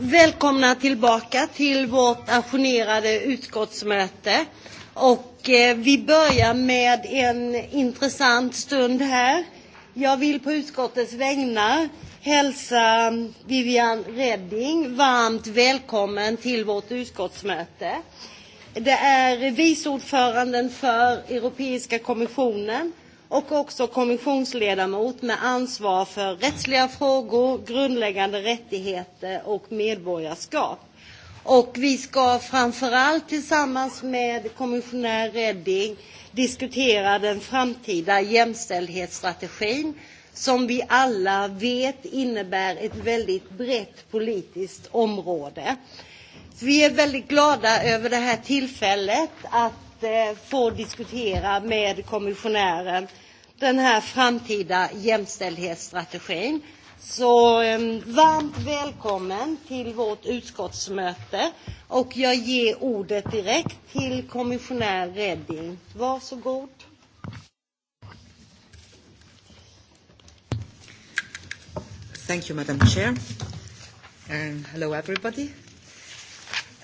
Välkomna tillbaka till vårt ajournerade utskottsmöte. Och eh, vi börjar med en intressant stund här. Jag vill på utskottets vägnar hälsa Vivian Redding varmt välkommen till vårt utskottsmöte. Det är viceordföranden för Europeiska kommissionen och också kommissionsledamot med ansvar för rättsliga frågor, grundläggande rättigheter och medborgarskap. Och vi ska framförallt tillsammans med kommissionär Redding diskutera den framtida jämställdhetsstrategin som vi alla vet innebär ett väldigt brett politiskt område. Vi är väldigt glada över det här tillfället att att eh, få diskutera med kommissionären den här framtida jämställdhetsstrategin. Så eh, varmt välkommen till vårt utskottsmöte och jag ger ordet direkt till kommissionär Redding. Varsågod. Thank you, Madam Chair. And hello, everybody.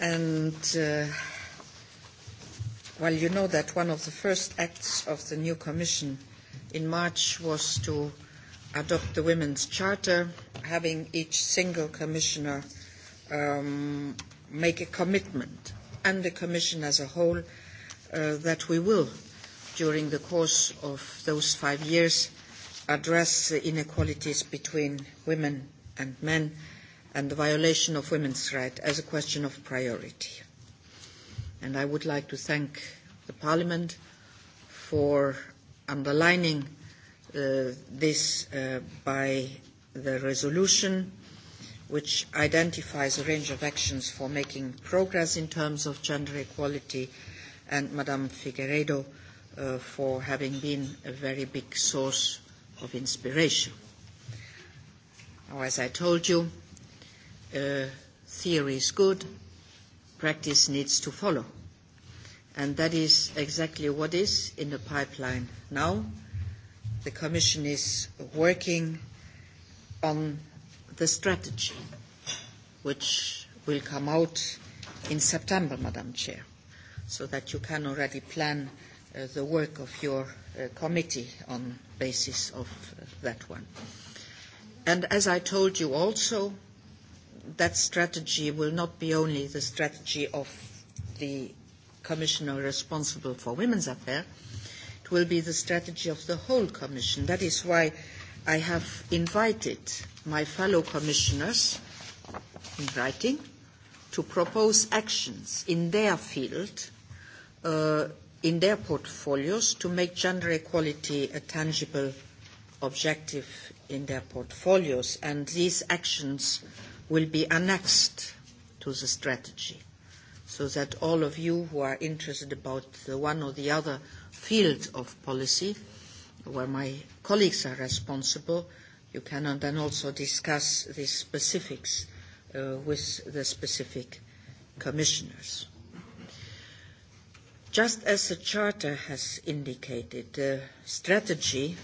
And uh, Well, you know that one of the first acts of the new Commission in March was to adopt the Women's Charter, having each single Commissioner um, make a commitment, and the Commission as a whole, uh, that we will, during the course of those five years, address the inequalities between women and men and the violation of women's rights as a question of priority and I would like to thank the Parliament for underlining uh, this uh, by the resolution which identifies a range of actions for making progress in terms of gender equality and Madame Figueredo uh, for having been a very big source of inspiration. Now, as I told you, uh, theory is good, practice needs to follow. And that is exactly what is in the pipeline now. The Commission is working on the strategy, which will come out in September, Madam Chair, so that you can already plan uh, the work of your uh, committee on basis of uh, that one. And as I told you also, that strategy will not be only the strategy of the commissioner responsible for women's affairs, it will be the strategy of the whole commission. That is why I have invited my fellow commissioners in writing to propose actions in their field, uh, in their portfolios, to make gender equality a tangible objective in their portfolios. And these actions uh, will be annexed to the strategy so that all of you who are interested about the one or the other field of policy where my colleagues are responsible, you can then also discuss the specifics uh, with the specific commissioners. Just as the Charter has indicated, the strategy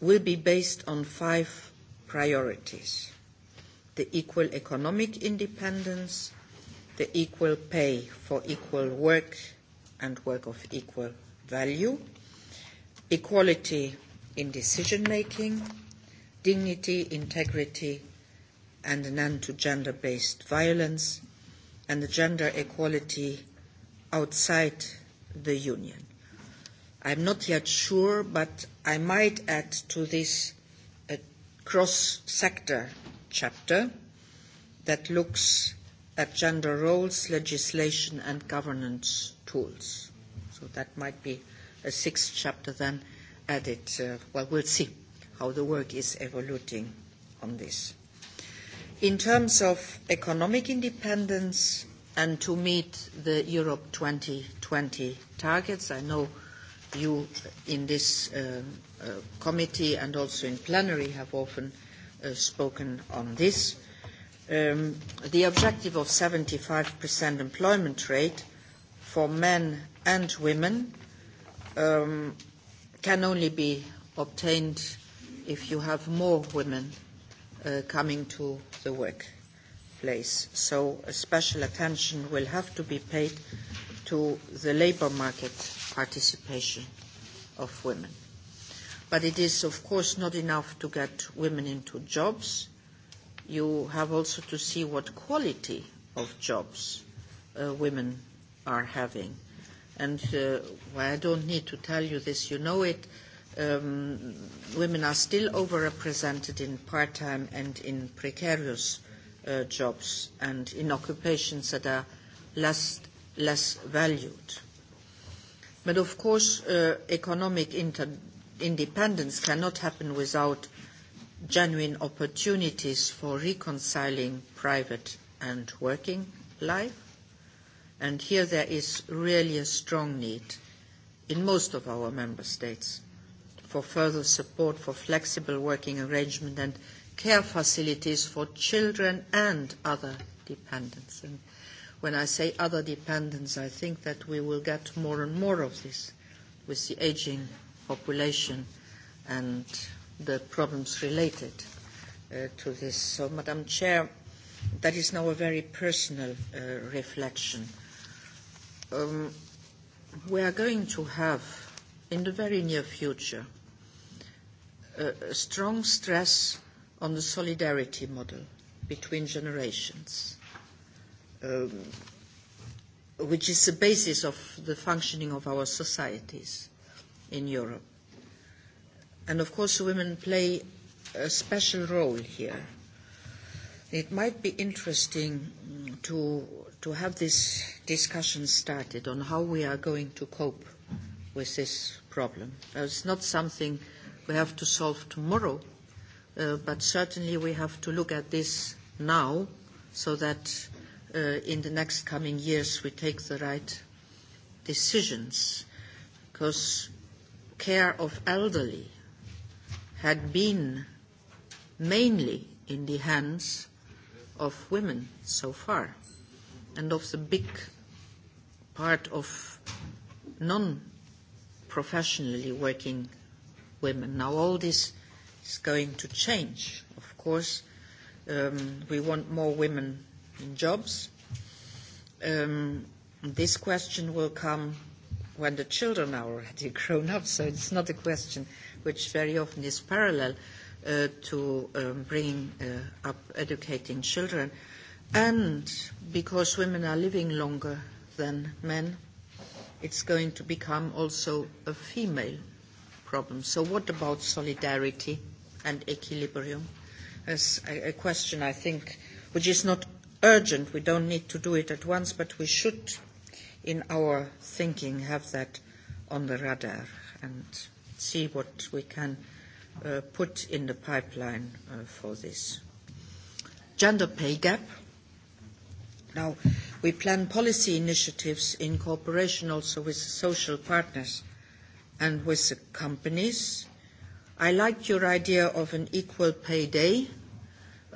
will be based on five priorities the equal economic independence, the equal pay for equal work and work of equal value, equality in decision making, dignity, integrity, and an end to gender based violence, and the gender equality outside the Union. I'm not yet sure, but I might add to this a uh, cross sector chapter that looks at gender roles, legislation, and governance tools. So that might be a sixth chapter then added. Uh, well, we'll see how the work is evolving on this. In terms of economic independence and to meet the Europe 2020 targets, I know you in this uh, uh, committee and also in plenary have often uh, spoken on this. Um, the objective of 75% employment rate for men and women um, can only be obtained if you have more women uh, coming to the workplace. So a special attention will have to be paid to the labour market participation of women but it is, of course, not enough to get women into jobs. You have also to see what quality of jobs uh, women are having. And uh, well, I don't need to tell you this, you know it. Um, women are still overrepresented in part-time and in precarious uh, jobs and in occupations that are less, less valued. But of course, uh, economic inter- independence cannot happen without genuine opportunities for reconciling private and working life. And here there is really a strong need in most of our member states for further support for flexible working arrangement and care facilities for children and other dependents. And when I say other dependents, I think that we will get more and more of this with the aging population and the problems related uh, to this. So, Madam Chair, that is now a very personal uh, reflection. Um, we are going to have, in the very near future, a, a strong stress on the solidarity model between generations, um, which is the basis of the functioning of our societies in Europe. And of course, women play a special role here. It might be interesting to, to have this discussion started on how we are going to cope with this problem. Uh, it's not something we have to solve tomorrow, uh, but certainly we have to look at this now so that uh, in the next coming years we take the right decisions. Because care of elderly had been mainly in the hands of women so far and of the big part of non-professionally working women. Now all this is going to change. Of course, um, we want more women in jobs. Um, this question will come when the children are already grown up. So it's not a question which very often is parallel uh, to um, bringing uh, up educating children. And because women are living longer than men, it's going to become also a female problem. So what about solidarity and equilibrium? As a, a question, I think, which is not urgent. We don't need to do it at once, but we should in our thinking have that on the radar and see what we can uh, put in the pipeline uh, for this. Gender pay gap. Now, we plan policy initiatives in cooperation also with social partners and with the companies. I like your idea of an equal pay day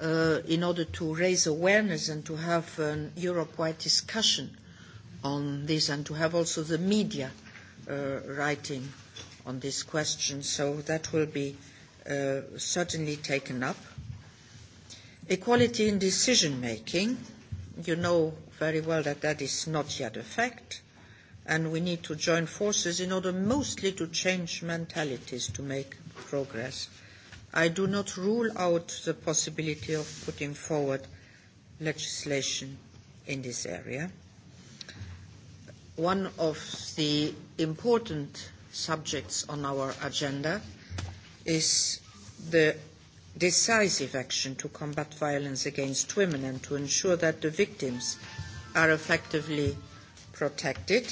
uh, in order to raise awareness and to have an Europe-wide discussion uh, on this and to have also the media uh, writing on this question. So that will be uh, certainly taken up. Equality in decision making. You know very well that that is not yet a fact, and we need to join forces in order mostly to change mentalities to make progress. I do not rule out the possibility of putting forward legislation in this area one of the important subjects on our agenda is the decisive action to combat violence against women and to ensure that the victims are effectively protected.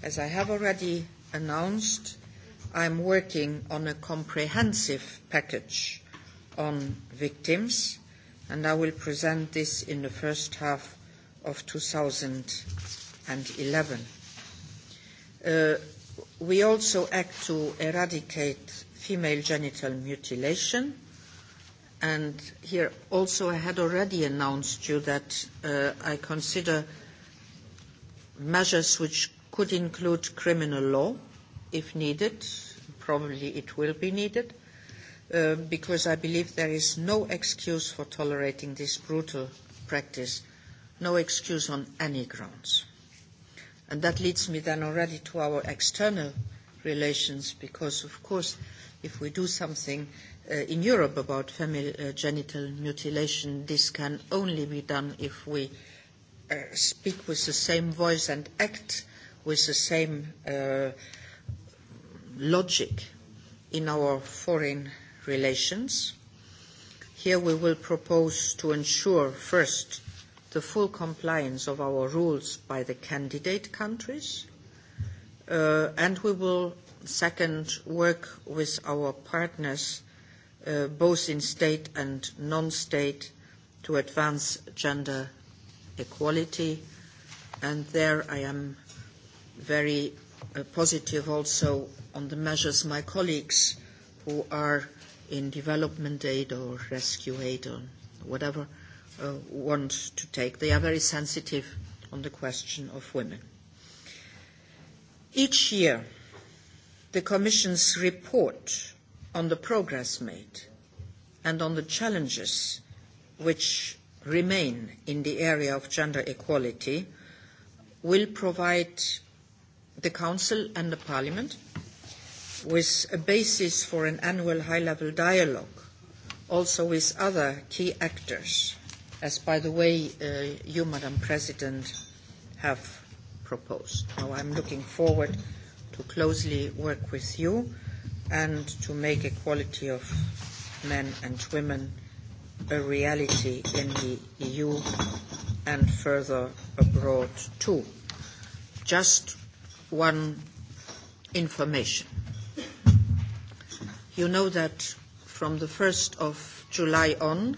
As I have already announced, I am working on a comprehensive package on victims, and I will present this in the first half of 2015 and 11. Uh, we also act to eradicate female genital mutilation. And here also I had already announced you that uh, I consider measures which could include criminal law if needed. Probably it will be needed. Uh, because I believe there is no excuse for tolerating this brutal practice, no excuse on any grounds. Uh, And that leads me then already to our external relations, because of course, if we do something uh, in Europe about family uh, genital mutilation, this can only be done if we uh, speak with the same voice and act with the same uh, logic in our foreign relations. Here we will propose to ensure, first, the full compliance of our rules by the candidate countries. Uh, and we will, second, work with our partners, uh, both in state and non-state, to advance gender equality. And there I am very uh, positive also on the measures my colleagues who are in development aid or rescue aid or whatever uh, uh, want to take. They are very sensitive on the question of women. Each year, the Commission's report on the progress made and on the challenges which remain in the area of gender equality will provide the Council and the Parliament with a basis for an annual high-level dialogue, also with other key actors as, by the way, uh, you, Madam President, have proposed. Now, I'm looking forward to closely work with you and to make equality of men and women a reality in the EU and further abroad too. Just one information. You know that from the 1st of July on,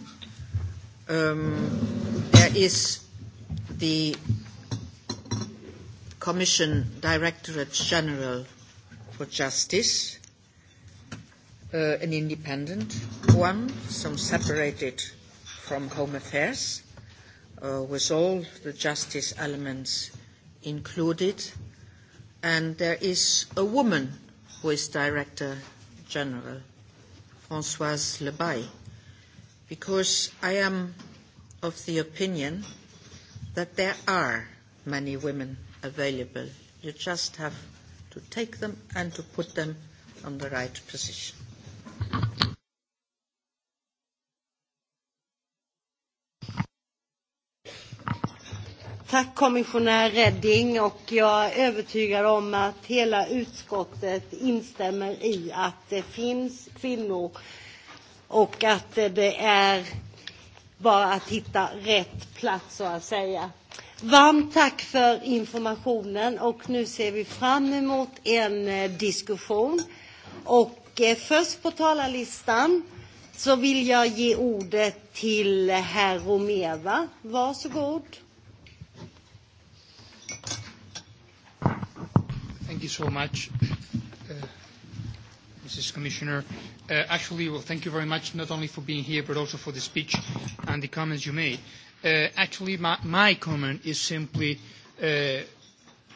um, there is the Commission Directorate General for Justice, uh, an independent one, some separated from Home Affairs, uh, with all the justice elements included. And there is a woman who is Director General, Françoise Lebaille because I am of the opinion that there are many women available. You just have to take them and to put them on the right position. Tack kommissionär Redding och jag är övertygad om att hela utskottet instämmer i att det finns kvinnor och att det är bara att hitta rätt plats så att säga. Varmt tack för informationen och nu ser vi fram emot en eh, diskussion. Och eh, först på talarlistan så vill jag ge ordet till herr Romeva. Varsågod. Thank you so much. Mrs. Commissioner. Uh, actually, well, thank you very much, not only for being here, but also for the speech and the comments you made. Uh, actually, my, my comment is simply uh,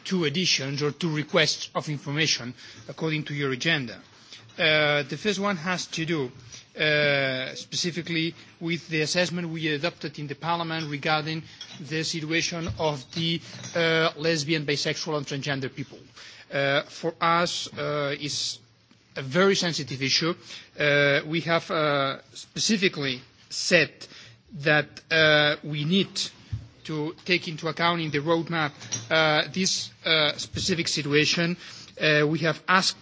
two additions or two requests of information according to your agenda. Uh, the first one has to do uh, specifically with the assessment we adopted in the Parliament regarding the situation of the uh, lesbian, bisexual and transgender people. Uh, for us, uh, it's a very sensitive issue. Uh, we have uh, specifically said that uh, we need to take into account in the roadmap uh, this uh, specific situation. Uh, we have asked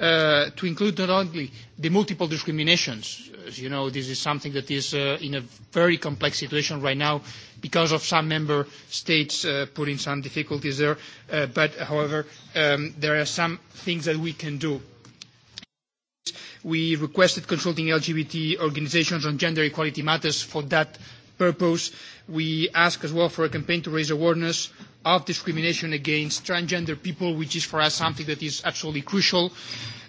uh, to include not only the multiple discriminations, as you know, this is something that is uh, in a very complex situation right now because of some member states uh, putting some difficulties there, uh, but however, um, there are some things that we can do We requested consulting LGBT organizations on gender equality matters for that purpose. We ask as well for a campaign to raise awareness of discrimination against transgender people, which is for us something that is absolutely crucial.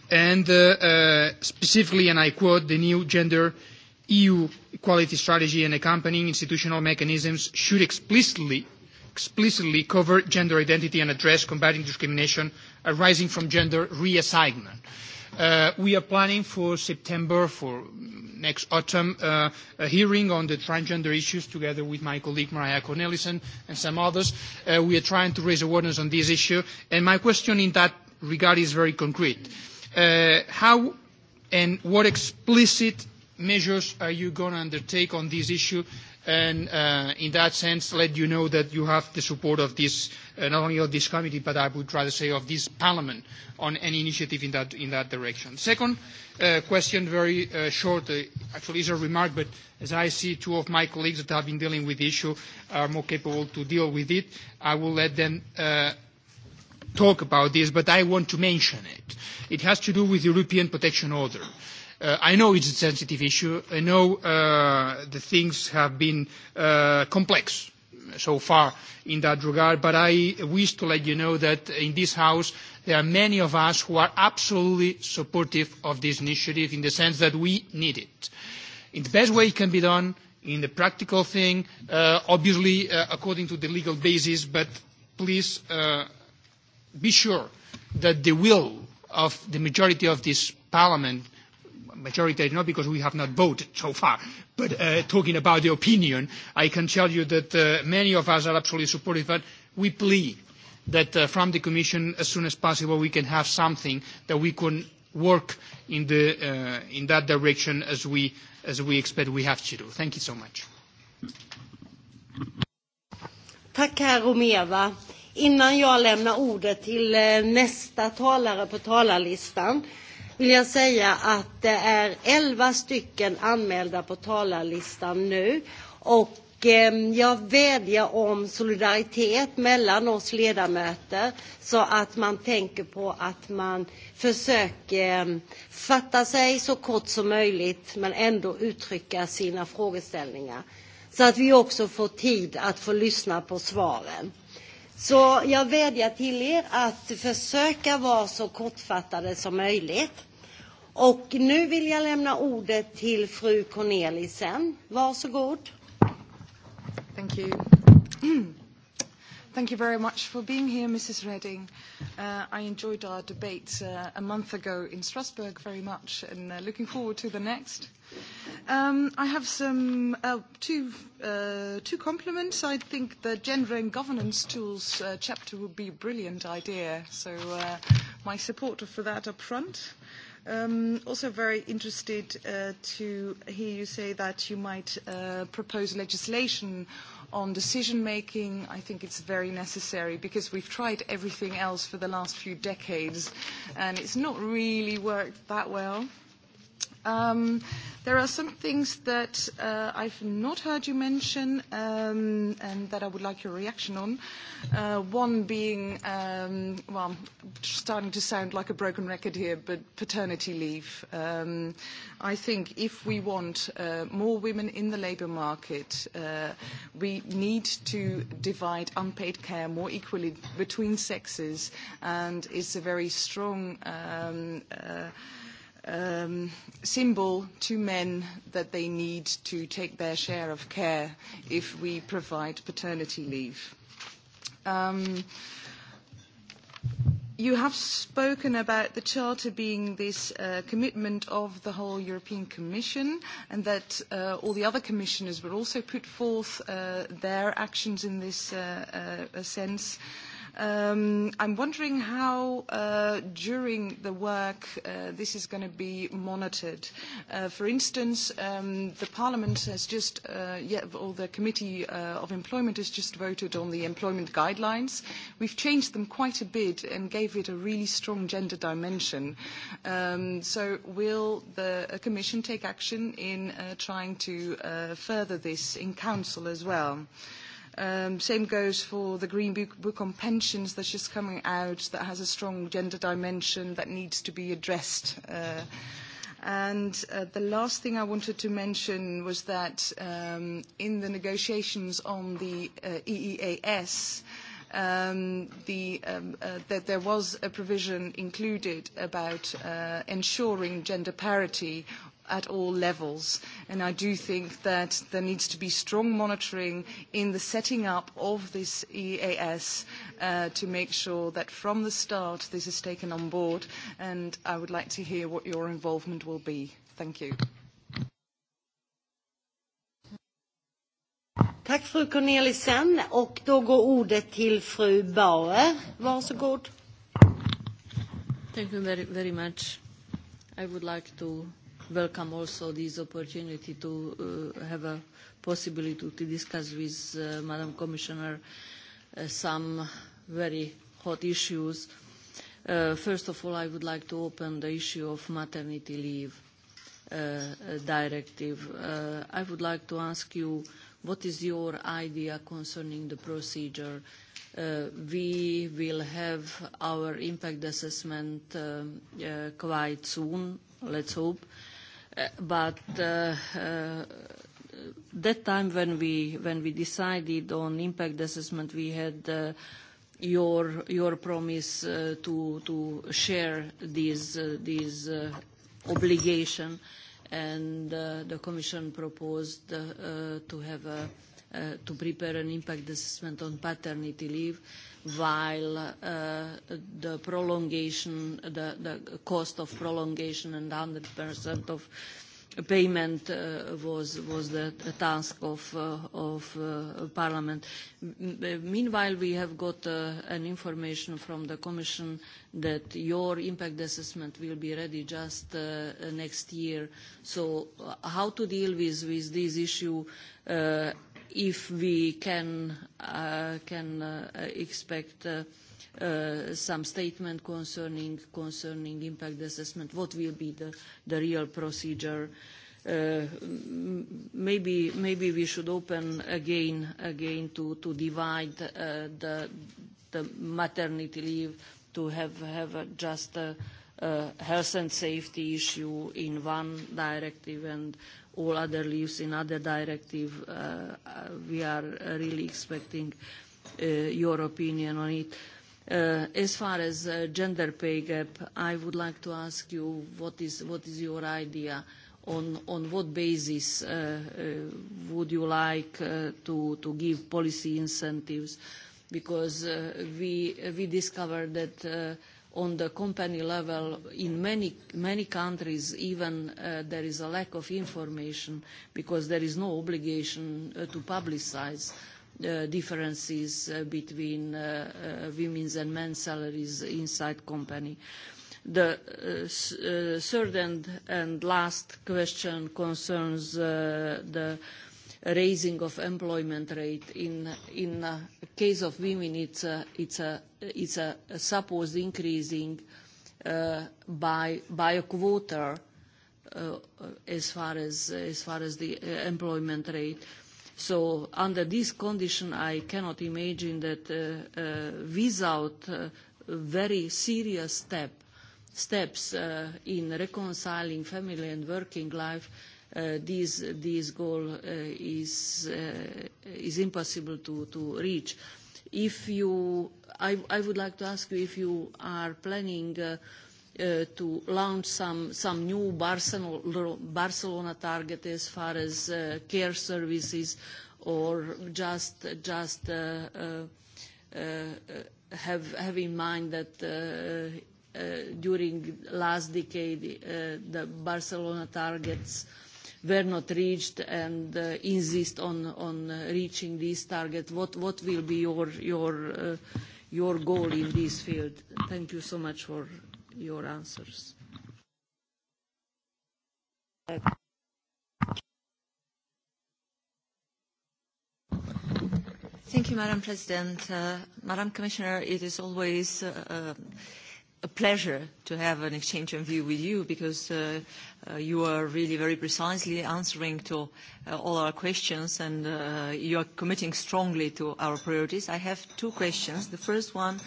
And uh, uh, specifically, and I quote, the new gender EU equality strategy and accompanying institutional mechanisms should explicitly, explicitly cover gender identity and address combating discrimination arising from gender reassignment. Uh, Uh, we are planning for September, for next autumn, uh, a hearing on the transgender issues together with my colleague Mariah Cornelissen and some others. Uh, we are trying to raise awareness on this issue. And my question in that regard is very concrete. Uh, how and what explicit measures are you going to undertake on this issue? And uh, in that sense, let you know that you have the support of this uh, not only of this committee, but I would rather say of this parliament on any initiative in that, in that direction. Second uh, question, very uh, short, uh, actually is a remark, but as I see two of my colleagues that have been dealing with the issue are more capable to deal with it, I will let them uh, talk about this, but I want to mention it. It has to do with the European Protection Order. Uh, I know it's a sensitive issue. I know uh, the things have been uh, complex so far in that regard, but I wish to let you know that in this House there are many of us who are absolutely supportive of this initiative in the sense that we need it. In the best way it can be done, in the practical thing, uh, obviously uh, according to the legal basis, but please uh, be sure that the will of the majority of this Parliament majoritative, not because we have not voted so far, but uh, talking about the opinion, I can tell you that uh, many of us are absolutely supportive, but we plead that uh, from the Commission, as soon as possible, we can have something that we can work in, the, uh, in that direction as we, as we expect we have to do. Thank you so much. Tack, herr Romeva. Innan jag lämnar ordet till eh, nästa talare på talarlistan vill jag säga att det är 11 stycken anmälda på talarlistan nu. Och eh, jag vädjar om solidaritet mellan oss ledamöter så att man tänker på att man försöker ehm, fatta sig så kort som möjligt men ändå uttrycka sina frågeställningar. Så att vi också får tid att få lyssna på svaren. Så jag vädjar till er att försöka vara så kortfattade som möjligt. Och nu vill jag lämna ordet till fru Cornelissen. Varsågod. Thank you. Thank you very much for being here, Mrs. Redding. Uh, I enjoyed our debate uh, a month ago in Strasbourg very much and uh, looking forward to the next. Um, I have some, uh, two, uh, two compliments. I think the Gender and Governance Tools uh, chapter would be a brilliant idea, so uh, my support for that up front. Uh, Um, also very interested uh, to hear you say that you might uh, propose legislation on decision making. I think it's very necessary because we've tried everything else for the last few decades and it's not really worked that well. Um, there are some things that uh, I've not heard you mention um, and that I would like your reaction on. Uh, one being, um, well, I'm starting to sound like a broken record here, but paternity leave. Um, I think if we want uh, more women in the labour market, uh, we need to divide unpaid care more equally between sexes, and it's a very strong um, uh, um, symbol to men that they need to take their share of care if we provide paternity leave. Um, you have spoken about the Charter being this uh, commitment of the whole European Commission and that uh, all the other commissioners will also put forth uh, their actions in this uh, uh, sense. Uh, Um, I'm wondering how, uh, during the work, uh, this is going to be monitored. Uh, for instance, um, the Parliament has just, uh, yeah, or the Committee uh, of Employment has just voted on the employment guidelines. We've changed them quite a bit and gave it a really strong gender dimension. Um, so will the uh, Commission take action in uh, trying to uh, further this in Council as well? Uh, Um, same goes for the Green Book, Book on Pensions that's just coming out that has a strong gender dimension that needs to be addressed. Uh, And uh, the last thing I wanted to mention was that um, in the negotiations on the uh, EEAS, um, the, um, uh, that there was a provision included about uh, ensuring gender parity at all levels. And I do think that there needs to be strong monitoring in the setting up of this EAS uh, to make sure that from the start this is taken on board. And I would like to hear what your involvement will be. Thank you. Tack fru Cornelissen och då går ordet till fru Bauer. Varsågod. Thank you very, very much. I would like to welcome also this opportunity to uh, have a possibility to, to discuss with uh, Madam Commissioner uh, some very hot issues. Uh, first of all, I would like to open the issue of maternity leave uh, uh, directive. Uh, I would like to ask you what is your idea concerning the procedure? Uh, we will have our impact assessment um, uh, quite soon, let's hope. Uh, Uh, but uh, uh, that time when we when we decided on impact assessment, we had uh, your your promise uh, to to share these uh, these uh, obligation, and uh, the Commission proposed uh, uh, to have a, uh, to prepare an impact assessment on paternity leave. Uh, while uh, the prolongation, the, the cost of prolongation and 100% of payment uh, was, was the task of, uh, of uh, Parliament. M meanwhile, we have got uh, an information from the Commission that your impact assessment will be ready just uh, next year. So uh, how to deal with, with this issue if we can, uh, can uh, expect uh, uh, some statement concerning, concerning impact assessment, what will be the, the real procedure. Uh, maybe, maybe we should open again, again to, to divide uh, the, the maternity leave to have, have just a, uh, a uh, health and safety issue in one directive and all other leaves in other directive. Uh, uh, we are really expecting uh, your opinion on it. Uh, as far as uh, gender pay gap, I would like to ask you what is, what is your idea on, on what basis uh, uh, would you like uh, to, to give policy incentives? Because uh, we, we discovered that uh, on the company level in many, many countries even uh, there is a lack of information because there is no obligation uh, to publicize uh, differences uh, between uh, uh, women's and men's salaries inside company. The uh, uh, third and, and last question concerns uh, the raising of employment rate in, in uh, case of women, it's a, it's a, it's a, a supposed increasing uh, by, by a quarter uh, uh, as far as, as far as the uh, employment rate. So under this condition, I cannot imagine that uh, uh, without uh, very serious step, steps uh, in reconciling family and working life, uh, uh, this, this goal uh, is, uh, is impossible to, to reach. If you, I, I would like to ask you if you are planning uh, uh, to launch some, some new Barcelona, Barcelona target as far as uh, care services or just, just uh, uh, uh, have, have in mind that uh, uh, during last decade uh, the Barcelona targets uh, were not reached and uh, insist on, on uh, reaching these targets? What, what will be your, your, uh, your goal in this field? Thank you so much for your answers. Thank you, Madam President. Uh, Madam Commissioner, it is always uh, uh a pleasure to have an exchange of view with you because uh, uh, you are really very precisely answering to uh, all our questions and uh, you are committing strongly to our priorities. I have two questions. The first one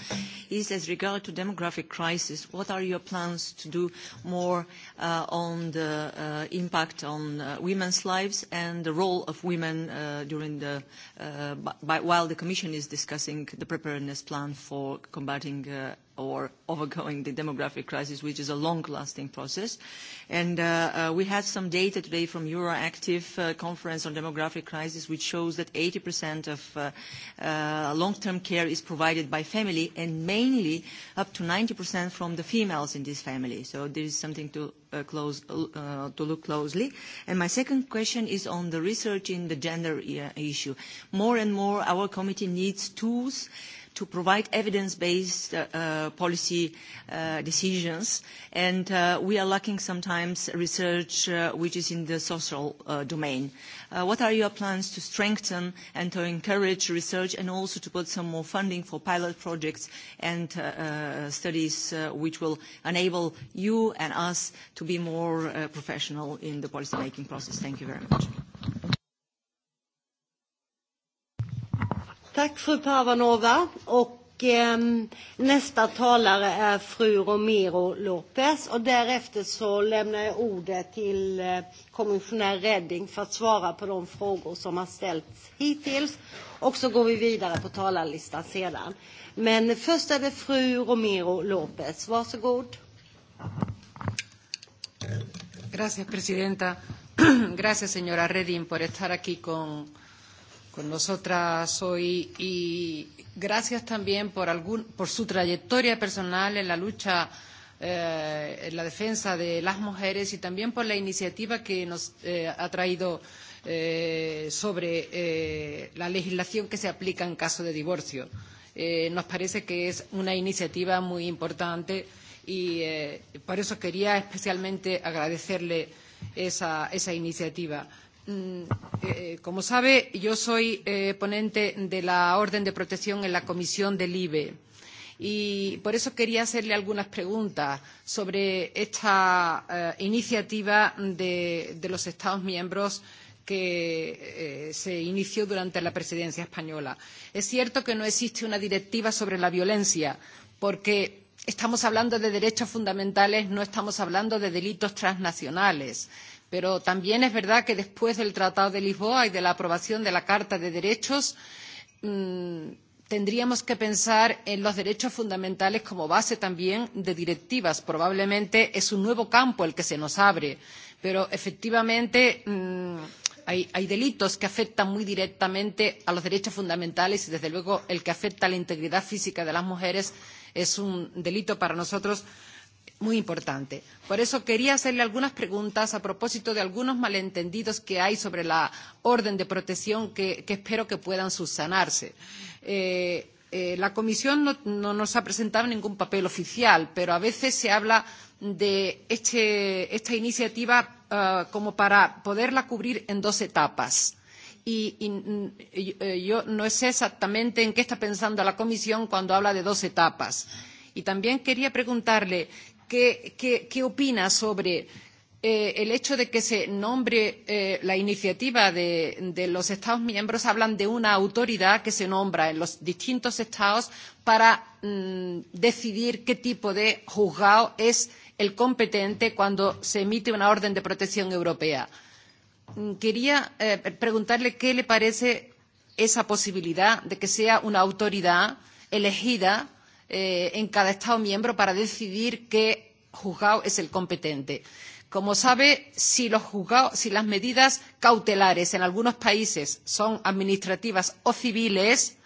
is as regard to demographic crisis. What are your plans to do more uh, on the uh, impact on uh, women's lives and the role of women uh, during the, uh, by, while the Commission is discussing the preparedness plan for combating uh, or overcoming the demographic crisis, which is a long-lasting process. And uh, uh, we had some data today from Euroactiv uh, conference on demographic crisis, which shows that 80% of uh, uh, long-term care is provided by family, and mainly up to 90% from the females in this family. So there is something to uh, close uh, to look closely. And my second question is on the research in the gender uh, issue. More and more, our committee needs tools. Uh, to provide evidence-based uh, uh, policy uh, decisions. And uh, we are lacking sometimes research uh, which is in the social uh, domain. Uh, what are your plans to strengthen and to encourage research and also to put some more funding for pilot projects and uh, uh, studies uh, which will enable you and us to be more uh, professional in the policymaking process? Thank you very much. Tack fru Parvanova. Och eh, nästa talare är fru Romero Lopez. Och därefter så lämnar jag ordet till eh, kommissionär Redding för att svara på de frågor som har ställts hittills. Och så går vi vidare på talarlistan sedan. Men först är det fru Romero Lopez. Varsågod. Gracias, presidenta. Gracias, señora Redding, por estar aquí con con nosotras hoy y gracias también por, algún, por su trayectoria personal en la lucha eh, en la defensa de las mujeres y también por la iniciativa que nos eh, ha traído eh, sobre eh, la legislación que se aplica en caso de divorcio. Eh, nos parece que es una iniciativa muy importante y eh, por eso quería especialmente agradecerle esa, esa iniciativa. Eh, Mm, eh, eh, como sabe, yo soy eh, ponente de la Orden de Protección en la Comisión del IBE y por eso quería hacerle algunas preguntas sobre esta eh, iniciativa de, de los Estados miembros que eh, se inició durante la presidencia española. Es cierto que no existe una directiva sobre la violencia, porque estamos hablando de derechos fundamentales, no estamos hablando de delitos transnacionales. Eh, Pero también es verdad que después del Tratado de Lisboa y de la aprobación de la Carta de Derechos, mmm, tendríamos que pensar en los derechos fundamentales como base también de directivas. Probablemente es un nuevo campo el que se nos abre, pero efectivamente mmm, hay, hay delitos que afectan muy directamente a los derechos fundamentales y, desde luego, el que afecta a la integridad física de las mujeres es un delito para nosotros muy importante. Por eso quería hacerle algunas preguntas a propósito de algunos malentendidos que hay sobre la orden de protección que, que espero que puedan subsanarse. Eh, eh, la Comisión no, no nos ha presentado ningún papel oficial, pero a veces se habla de este, esta iniciativa uh, como para poderla cubrir en dos etapas. Y, y, y eh, yo no sé exactamente en qué está pensando la Comisión cuando habla de dos etapas. Y también quería preguntarle qué, qué, qué opina sobre eh, el hecho de que se nombre eh, la iniciativa de, de los Estados miembros, hablan de una autoridad que se nombra en los distintos Estados para mm, decidir qué tipo de juzgado es el competente cuando se emite una orden de protección europea. Mm, quería eh, preguntarle qué le parece esa posibilidad de que sea una autoridad elegida eh, en cada Estado miembro para decidir qué juzgado es el competente. Como sabe, si, los juzgados, si las medidas cautelares en algunos países son administrativas o civiles,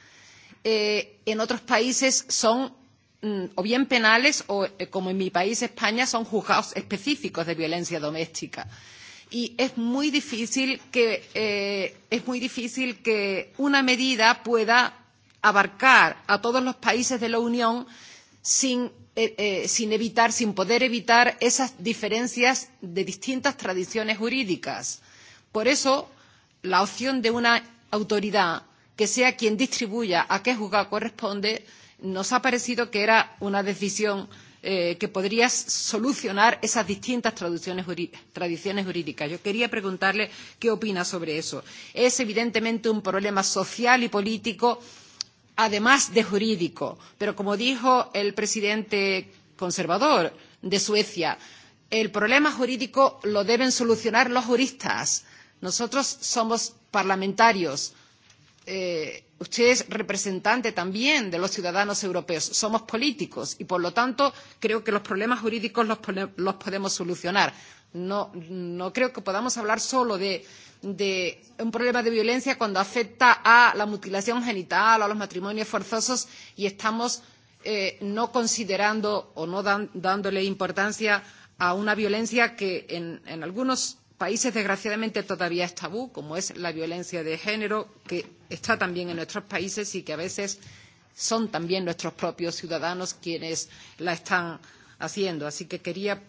eh, en otros países son mm, o bien penales o, eh, como en mi país, España, son juzgados específicos de violencia doméstica. Y es muy difícil que, eh, es muy difícil que una medida pueda abarcar a todos los países de la Unión sin, eh, eh, sin evitar, sin poder evitar esas diferencias de distintas tradiciones jurídicas. Por eso, la opción de una autoridad que sea quien distribuya a qué juzgado corresponde nos ha parecido que era una decisión eh, que podría solucionar esas distintas traducciones jurí tradiciones jurídicas. Yo quería preguntarle qué opina sobre eso. Es evidentemente un problema social y político eh, además de jurídico. Pero como dijo el presidente conservador de Suecia, el problema jurídico lo deben solucionar los juristas. Nosotros somos parlamentarios eh, usted es representante también de los ciudadanos europeos. Somos políticos y, por lo tanto, creo que los problemas jurídicos los, los podemos solucionar. No, no creo que podamos hablar solo de, de un problema de violencia cuando afecta a la mutilación genital, a los matrimonios forzosos y estamos eh, no considerando o no dan, dándole importancia a una violencia que en, en algunos países desgraciadamente todavía es tabú, como es la violencia de género, que está también en nuestros países y que a veces son también nuestros propios ciudadanos quienes la están haciendo. Así que quería,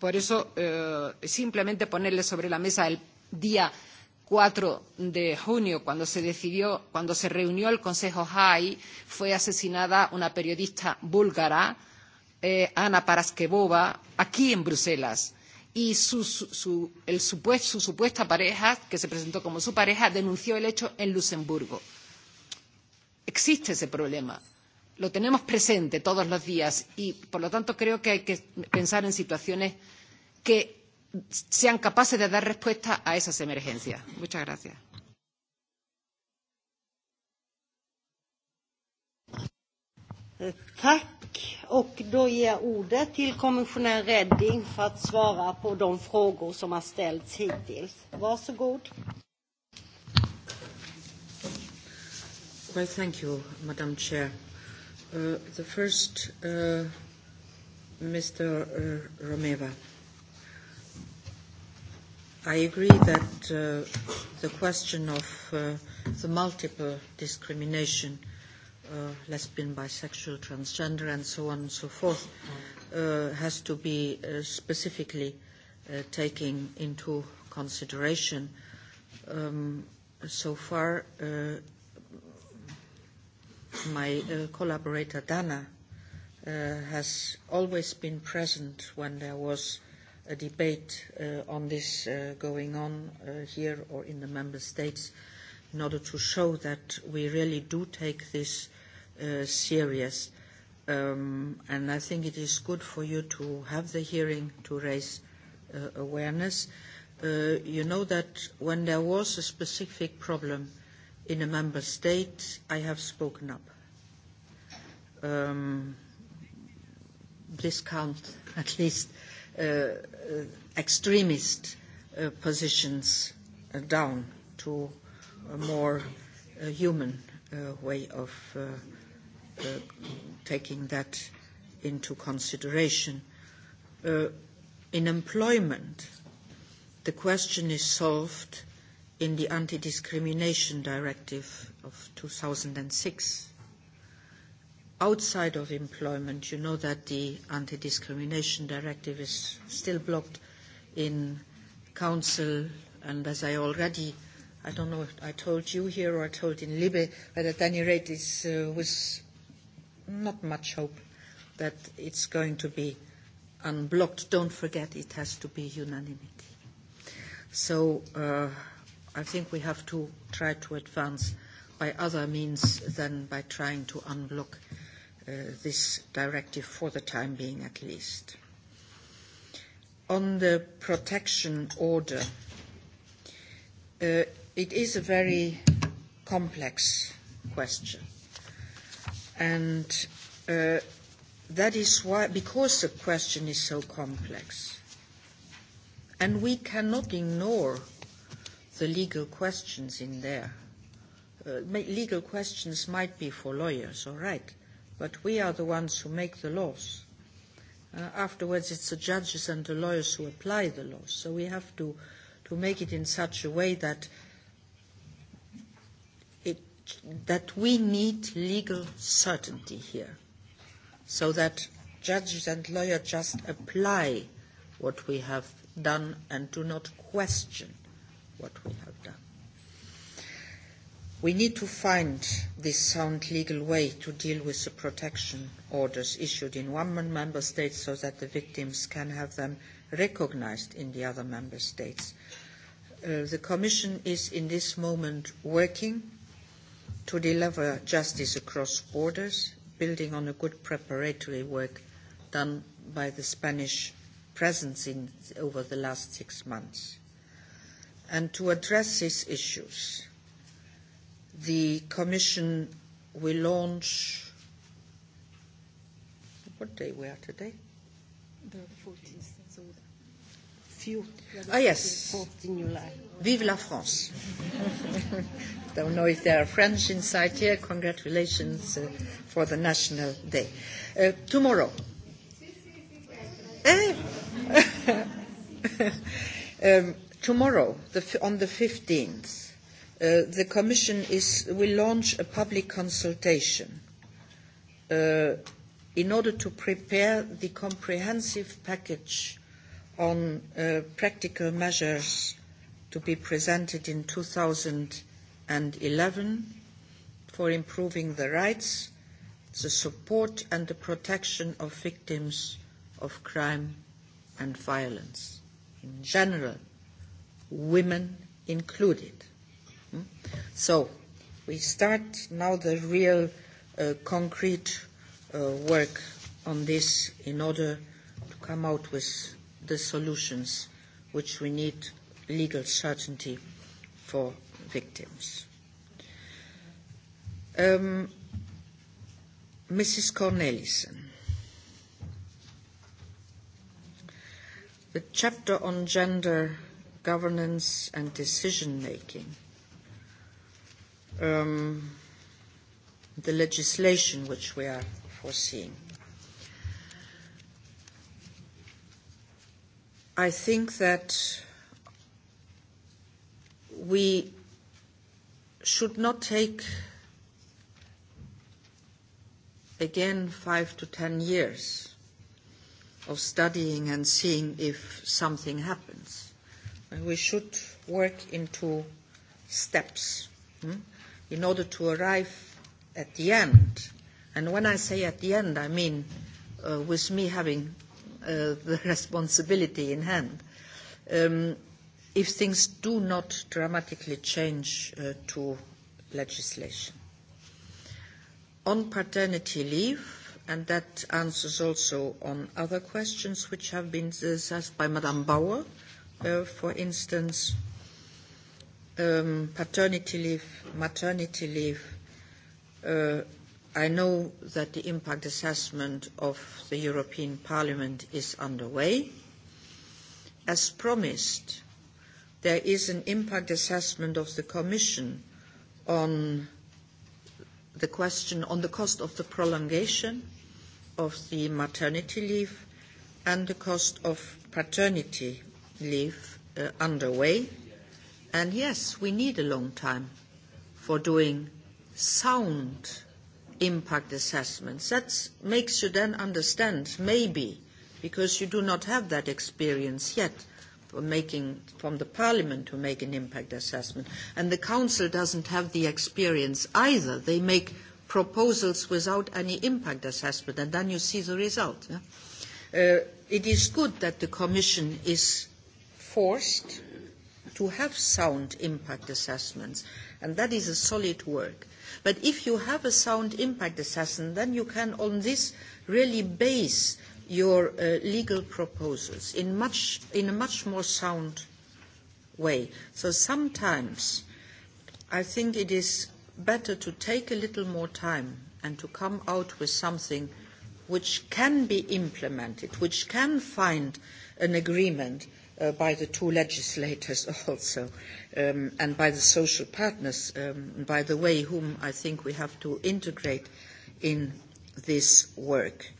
por eso, eh, simplemente ponerle sobre la mesa el día 4 de junio, cuando se decidió, cuando se reunió el Consejo JAI, fue asesinada una periodista búlgara, eh, Ana Paraskevova, aquí en Bruselas y su, su, su, el supuesto, su supuesta pareja, que se presentó como su pareja, denunció el hecho en Luxemburgo. Existe ese problema. Lo tenemos presente todos los días y, por lo tanto, creo que hay que pensar en situaciones que sean capaces de dar respuesta a esas emergencias. Muchas gracias. Eh, tack. Och då ger jag ordet till kommissionär Redding för att svara på de frågor som har ställts hittills. Varsågod. Well, thank you, Madam Chair. Uh, the first, uh, Mr. Uh, Romeva. I agree that uh, the question of uh, the multiple discrimination uh, uh, lesbian, bisexual, transgender, and so on and so forth, uh, has to be uh, specifically uh, taken into consideration. Um, so far, uh, my uh, collaborator Dana uh, has always been present when there was a debate uh, on this uh, going on uh, here or in the member states in order to show that we really do take this uh, serious. Um, and I think it is good for you to have the hearing to raise uh, awareness. Uh, you know that when there was a specific problem in a member state, I have spoken up. Um, this counts at least uh, uh, extremist uh, positions uh, down to a more uh, human uh, way of uh, uh, taking that into consideration. Uh, in employment, the question is solved in the Anti-Discrimination Directive of 2006. Outside of employment, you know that the Anti-Discrimination Directive is still blocked in Council, and as I already I don't know if I told you here or I told in Libe, but at any rate, it uh, was not much hope that it's going to be unblocked. Don't forget, it has to be unanimity. So uh, I think we have to try to advance by other means than by trying to unblock uh, this directive for the time being at least. On the protection order, uh, it is a very complex question. Uh, And uh, that is why, because the question is so complex, and we cannot ignore the legal questions in there. Uh, legal questions might be for lawyers, all right, but we are the ones who make the laws. Uh, afterwards, it's the judges and the lawyers who apply the laws. So we have to, to make it in such a way that that we need legal certainty here so that judges and lawyers just apply what we have done and do not question what we have done. We need to find this sound legal way to deal with the protection orders issued in one member state so that the victims can have them recognized in the other member states. Uh, the Commission is in this moment working to deliver justice across borders, building on a good preparatory work done by the Spanish presence in, over the last six months. And to address these issues, the Commission will launch what day we are today? The 14th few. Ah, yes. Vive la France. Don't know if there are French inside here. Congratulations uh, for the National Day. Uh, tomorrow. Eh? um, tomorrow, the f- on the 15th, uh, the Commission is, will launch a public consultation uh, in order to prepare the comprehensive package on uh, practical measures to be presented in 2011 for improving the rights, the support and the protection of victims of crime and violence, in general, women included. Hmm? So we start now the real uh, concrete uh, work on this in order to come out with the solutions which we need legal certainty for victims. Um, Mrs. Cornelissen. The chapter on gender governance and decision making, um, the legislation which we are foreseeing. I think that we should not take again five to ten years of studying and seeing if something happens. And we should work into steps hmm, in order to arrive at the end. And when I say at the end, I mean uh, with me having uh, the responsibility in hand. Um, if things do not dramatically change uh, to legislation. On paternity leave, and that answers also on other questions which have been asked by Madame Bauer, uh, for instance, um, paternity leave, maternity leave, uh, I know that the impact assessment of the European Parliament is underway. As promised, there is an impact assessment of the Commission on the question on the cost of the prolongation of the maternity leave and the cost of paternity leave uh, underway. And yes, we need a long time for doing sound impact assessments. That makes you then understand, maybe, because you do not have that experience yet, making from the parliament to make an impact assessment. And the council doesn't have the experience either. They make proposals without any impact assessment, and then you see the result. Yeah? Uh, it is good that the commission is forced to have sound impact assessments And that is a solid work. But if you have a sound impact assessment, then you can on this really base your uh, legal proposals in, much, in a much more sound way. So sometimes I think it is better to take a little more time and to come out with something which can be implemented, which can find an agreement uh, by the two legislators also, um, and by the social partners, um, by the way, whom I think we have to integrate in this work.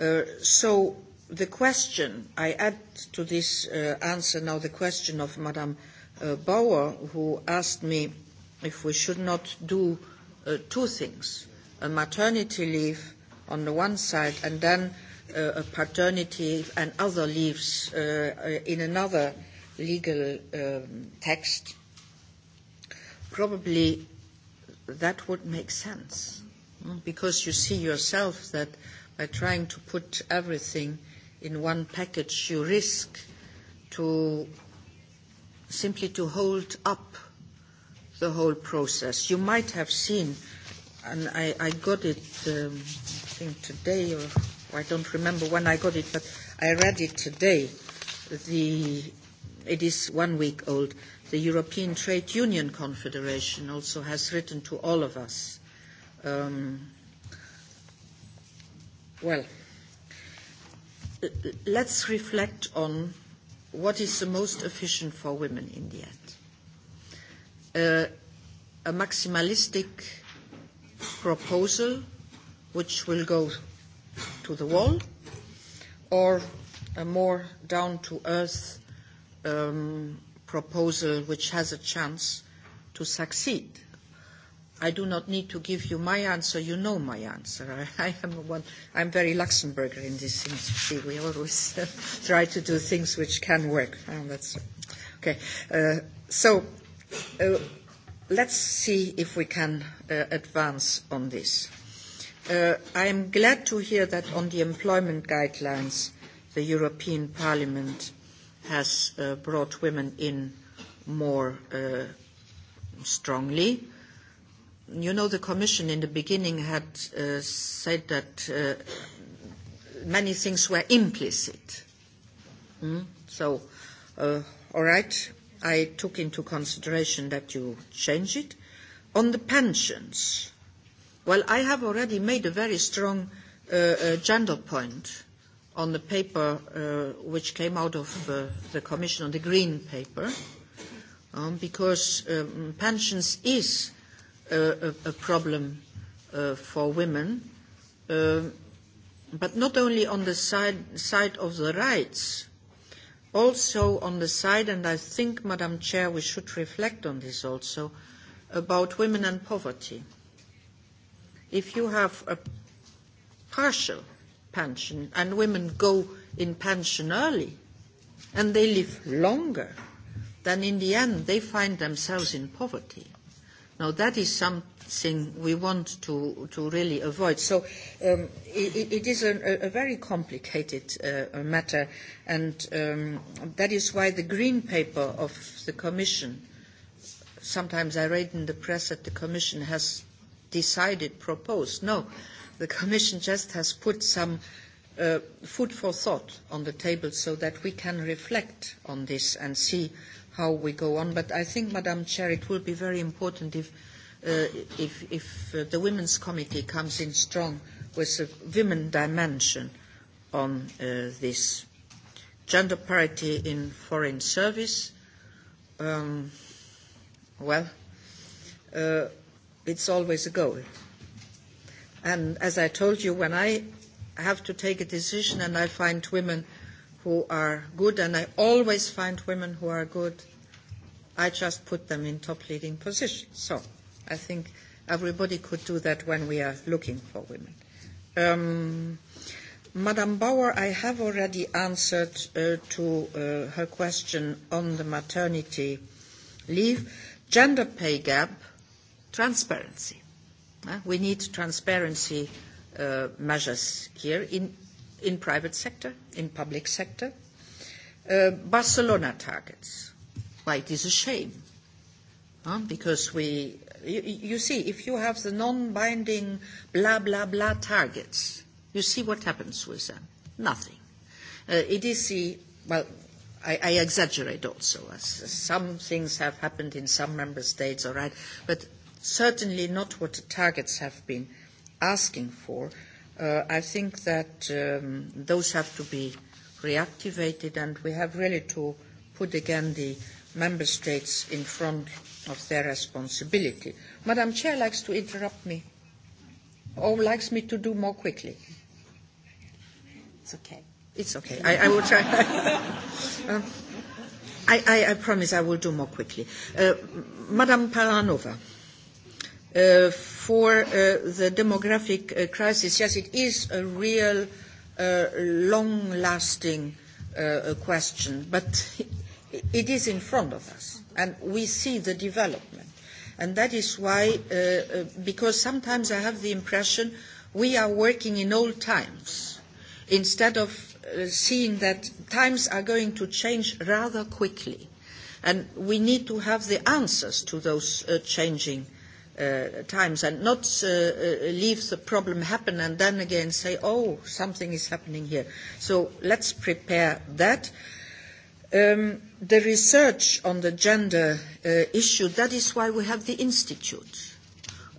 Uh, so the question, I add to this uh, answer now the question of Madame uh, Bauer, who asked me if we should not do uh, two things, a maternity leave on the one side and then uh, uh, of paternity and other leaves uh, in another legal um, text, probably that would make sense. Hmm, because you see yourself that by trying to put everything in one package, you risk to simply to hold up the whole process. You might have seen, and I, I got it, um, I think today or I don't remember when I got it, but I read it today. The, it is one week old. The European Trade Union Confederation also has written to all of us. Um, well, let's reflect on what is the most efficient for women in the end. Uh, a maximalistic proposal which will go to the wall or a more down-to-earth um, proposal which has a chance to succeed. I do not need to give you my answer. You know my answer. I, I am one. I'm very Luxembourger in this thing. We always uh, try to do things which can work. Oh, that's okay. Uh, so uh, let's see if we can uh, advance on this. Uh, I am glad to hear that on the employment guidelines, the European Parliament has uh, brought women in more uh, strongly. You know, the Commission in the beginning had uh, said that uh, many things were implicit. Mm? So, uh, all right, I took into consideration that you change it. On the pensions, Well, I have already made a very strong uh, uh, gender point on the paper uh, which came out of uh, the Commission on the Green Paper, um, because um, pensions is uh, a, a problem uh, for women, uh, but not only on the side, side of the rights, also on the side, and I think, Madam Chair, we should reflect on this also, about women and poverty. Uh, if you have a partial pension and women go in pension early and they live longer, then in the end they find themselves in poverty. Now that is something we want to, to really avoid. So um, it, it is a, a very complicated uh, matter and um, that is why the green paper of the Commission, sometimes I read in the press that the Commission has decided, proposed. No, the Commission just has put some uh, food for thought on the table so that we can reflect on this and see how we go on. But I think, Madam Chair, it will be very important if, uh, if, if uh, the Women's Committee comes in strong with a women dimension on uh, this. Gender parity in foreign service. Um, well, uh, it's always a goal. And as I told you, when I have to take a decision and I find women who are good, and I always find women who are good, I just put them in top leading positions. So I think everybody could do that when we are looking for women. Um, Madam Bauer, I have already answered uh, to uh, her question on the maternity leave. Gender pay gap, Transparency. Uh, we need transparency uh, measures here in, in private sector, in public sector. Uh, Barcelona targets. Well, it is a shame huh? because we, you, you see, if you have the non-binding blah, blah, blah targets, you see what happens with them. Nothing. Uh, it is the, well, I, I exaggerate also. As some things have happened in some member states, all right, but certainly not what the targets have been asking for. Uh, I think that um, those have to be reactivated, and we have really to put again the member states in front of their responsibility. Madam Chair likes to interrupt me or oh, likes me to do more quickly. It's okay. It's okay. I, I will try. um, I, I, I promise I will do more quickly. Uh, Madam Paranova uh, for uh, the demographic uh, crisis, yes, it is a real uh, long-lasting uh, question, but it is in front of us, and we see the development. And that is why, uh, uh, because sometimes I have the impression we are working in old times instead of uh, seeing that times are going to change rather quickly. And we need to have the answers to those uh, changing uh, uh, times and not uh, uh, leave the problem happen and then again say, oh, something is happening here. So let's prepare that. Um, the research on the gender uh, issue, that is why we have the institute.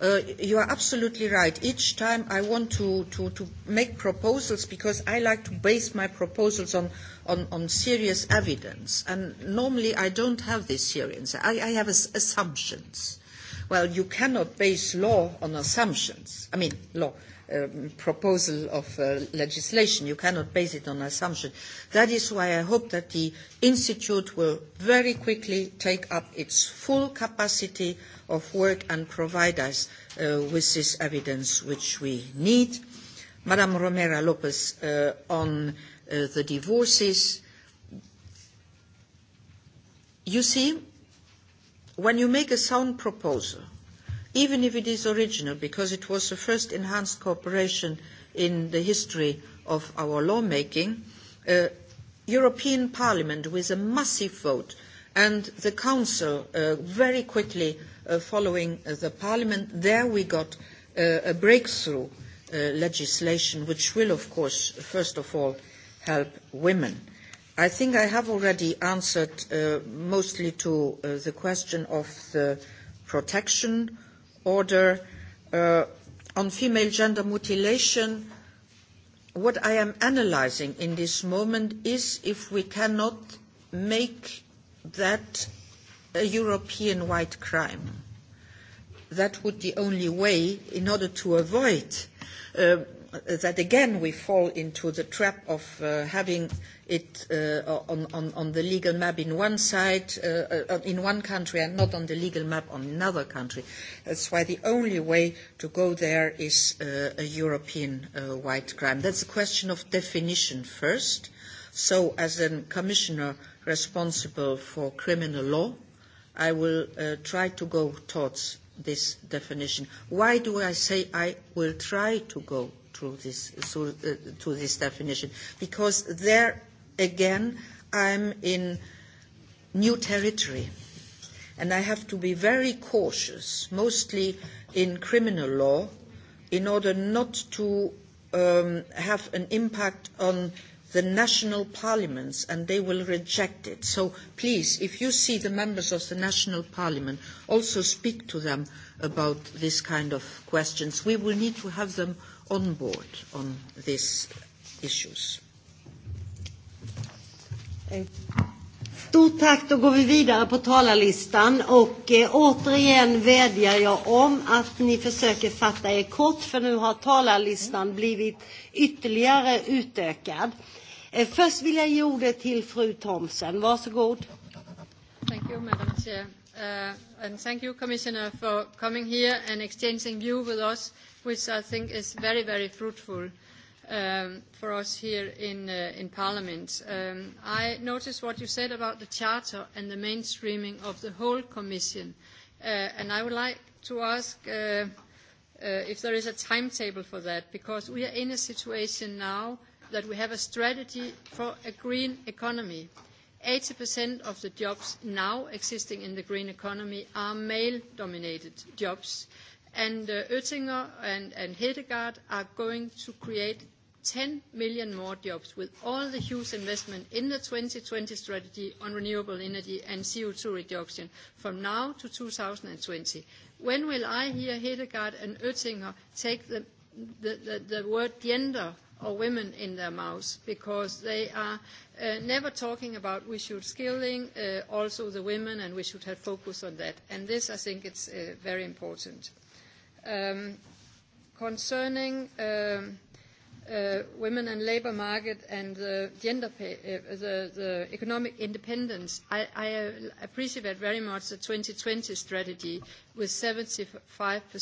Uh, you are absolutely right. Each time I want to, to, to make proposals because I like to base my proposals on, on, on serious evidence. And normally I don't have this serious. I, I have as, assumptions. Uh, Well, you cannot base law on assumptions. I mean, law, um, proposal of uh, legislation. You cannot base it on assumption. That is why I hope that the Institute will very quickly take up its full capacity of work and provide us uh, with this evidence which we need. Madam Romero Lopez, uh, on uh, the divorces, you see, when you make a sound proposal, even if it is original, because it was the first enhanced cooperation in the history of our lawmaking, uh, European Parliament, with a massive vote, and the Council uh, very quickly uh, following uh, the Parliament, there we got uh, a breakthrough uh, legislation, which will, of course, first of all, help women. I think I have already answered uh, mostly to uh, the question of the protection order. Uh, on female gender mutilation, what I am analyzing in this moment is if we cannot make that a European-wide crime. That would be the only way in order to avoid uh, Uh, that again we fall into the trap of uh, having it uh, on, on, on the legal map in one side, uh, uh, in one country and not on the legal map on another country. That's why the only way to go there is uh, a European-wide uh, crime. That's a question of definition first. So as a commissioner responsible for criminal law, I will uh, try to go towards this definition. Why do I say I will try to go to this, so, uh, to this definition. Because there, again, I'm in new territory. And I have to be very cautious, mostly in criminal law, in order not to um, have an impact on the national parliaments and they will reject it. So please, if you see the members of the national parliament, also speak to them about this kind of questions. We will need to have them on board on these issues. Stort tack, då går vi vidare på talarlistan och eh, återigen vädjar jag om att ni försöker fatta er kort för nu har talarlistan blivit ytterligare utökad. Eh, först vill jag ge ordet till fru Thomsen. Varsågod. Thank you, Madam Chair. Uh, and thank you, Commissioner, for coming here and exchanging view with us. Uh, which I think is very, very fruitful um, for us here in, uh, in Parliament. Um, I noticed what you said about the Charter and the mainstreaming of the whole Commission, uh, and I would like to ask uh, uh, if there is a timetable for that, because we are in a situation now that we have a strategy for a green economy. 80% of the jobs now existing in the green economy are male-dominated jobs. Uh, and uh, Oettinger and, and Hedegaard are going to create 10 million more jobs with all the huge investment in the 2020 strategy on renewable energy and CO2 reduction from now to 2020. When will I hear Hedegaard and Oettinger take the, the, the, the word gender or women in their mouths because they are uh, never talking about we should skilling uh, also the women and we should have focus on that. And this I think it's uh, very important. Uh, Um, concerning um, uh, women and labor market and uh, gender pay, uh, the, the economic independence, I, I uh, appreciate very much the 2020 strategy with 75%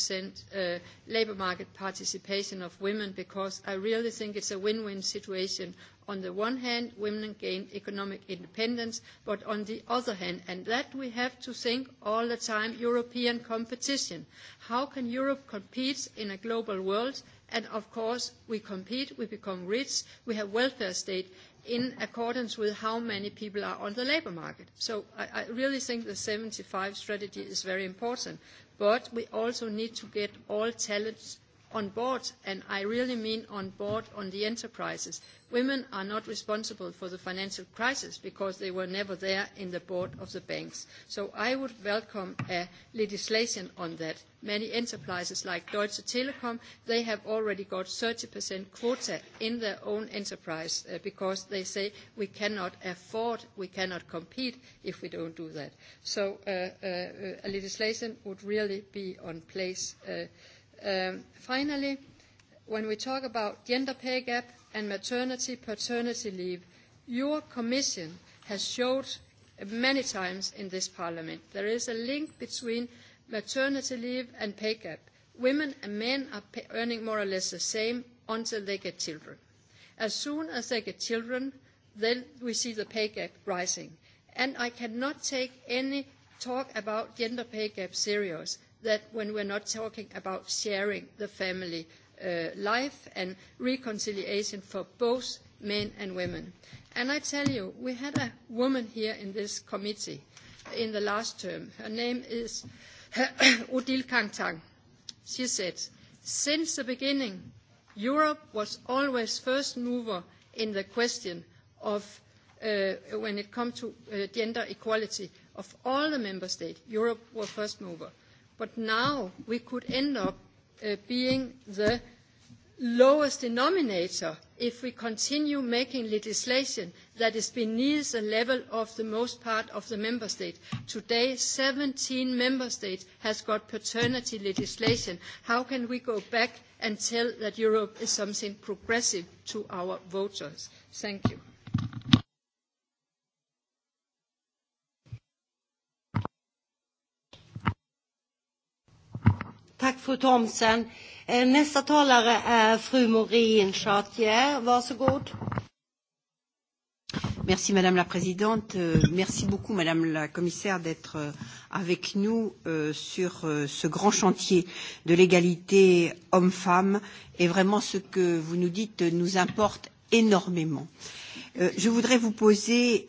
uh, labor market participation of women because I really think it's a win-win situation On the one hand, women gain economic independence, but on the other hand, and that we have to think all the time, European competition. How can Europe compete in a global world? And of course, we compete, we become rich, we have welfare state in accordance with how many people are on the labor market. So I, I really think the 75 strategy is very important, but we also need to get all talents on board, and I really mean on board on the enterprises. Women are not responsible for the financial crisis because they were never there in the board of the banks. So I would welcome a legislation on that. Many enterprises like Deutsche Telekom, they have already got 30% quota in their own enterprise uh, because they say we cannot afford, we cannot compete if we don't do that. So uh, uh, a legislation would really be on place uh, Um, finally, when we talk about gender pay gap and maternity paternity leave, your commission has showed many times in this parliament there is a link between maternity leave and pay gap. Women and men are pay, earning more or less the same until they get children. As soon as they get children, then we see the pay gap rising. And I cannot take any talk about gender pay gap serious that when we're not talking about sharing the family uh, life and reconciliation for both men and women. And I tell you, we had a woman here in this committee in the last term. Her name is Odile Kangtang. She said, since the beginning, Europe was always first mover in the question of uh, when it comes to uh, gender equality of all the member states. Europe was first mover. But now we could end up uh, being the lowest denominator if we continue making legislation that is beneath the level of the most part of the member state. Today, 17 member states has got paternity legislation. How can we go back and tell that Europe is something progressive to our voters? Thank you. Tack fru Thomsen. Eh, nästa talare är fru Maureen Chartier. Varsågod. Merci Madame la Présidente. Euh, merci beaucoup Madame la Commissaire d'être euh, avec nous euh, sur ce grand chantier de l'égalité homme-femme. Et vraiment ce que vous nous dites nous importe énormément. Je voudrais vous poser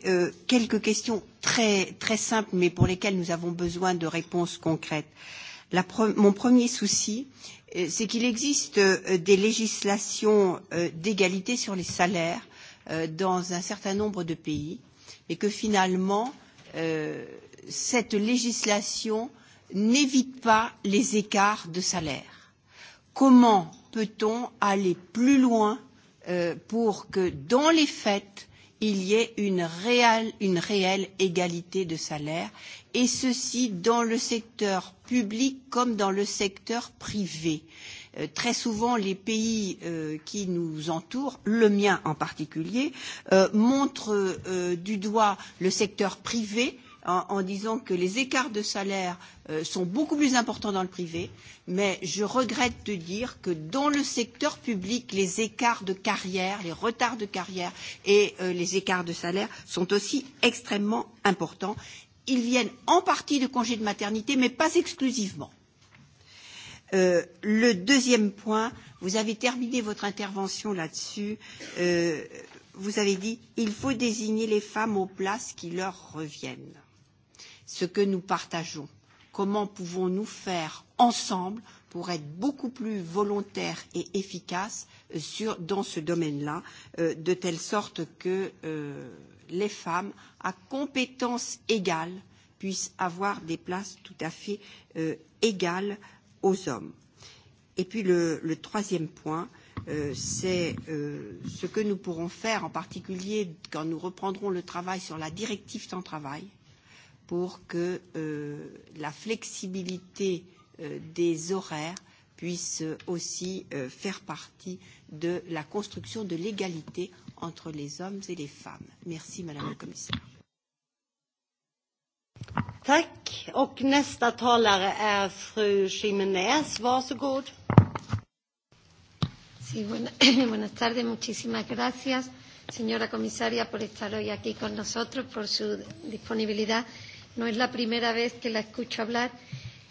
quelques questions très, très simples mais pour lesquelles nous avons besoin de réponses concrètes. Euh, La pre mon premier souci, euh, c'est qu'il existe euh, des législations euh, d'égalité sur les salaires dans un certain nombre de pays, mais que finalement, cette législation n'évite pas les écarts de salaire. Comment peut-on aller plus loin pour que, dans les faits, il y ait une réelle, une réelle égalité de salaire, et ceci dans le secteur public comme dans le secteur privé. Euh, très souvent, les pays euh, qui nous entourent, le mien en particulier, euh, montrent euh, du doigt le secteur privé en, en disant que les écarts de salaire euh, sont beaucoup plus importants dans le privé, mais je regrette de dire que dans le secteur public, les écarts de carrière, les retards de carrière et euh, les écarts de salaire sont aussi extrêmement importants. Ils viennent en partie de congés de maternité, mais pas exclusivement. Euh, le deuxième point, vous avez terminé votre intervention là-dessus. Euh, vous avez dit il faut désigner les femmes aux places qui leur reviennent ce que nous partageons. Comment pouvons-nous faire ensemble pour être beaucoup plus volontaires et efficaces euh, sur, dans ce domaine-là, euh, de telle sorte que euh, les femmes, à compétences égales, puissent avoir des places tout à fait euh, égales aux hommes. Et puis le, le troisième point, euh, c'est euh, ce que nous pourrons faire, en particulier quand nous reprendrons le travail sur la directive temps travail, euh, pour que euh, la flexibilité euh, des horaires puisse euh, aussi euh, faire partie de la construction de l'égalité entre les hommes et les femmes. Merci Madame le Commissaire. Tack. Och nästa talare är fru Jiménez. Varsågod. Sí, buena, buenas tardes. Muchísimas gracias, señora comisaria, por estar hoy aquí con nosotros, por su disponibilidad No es la primera vez que la escucho hablar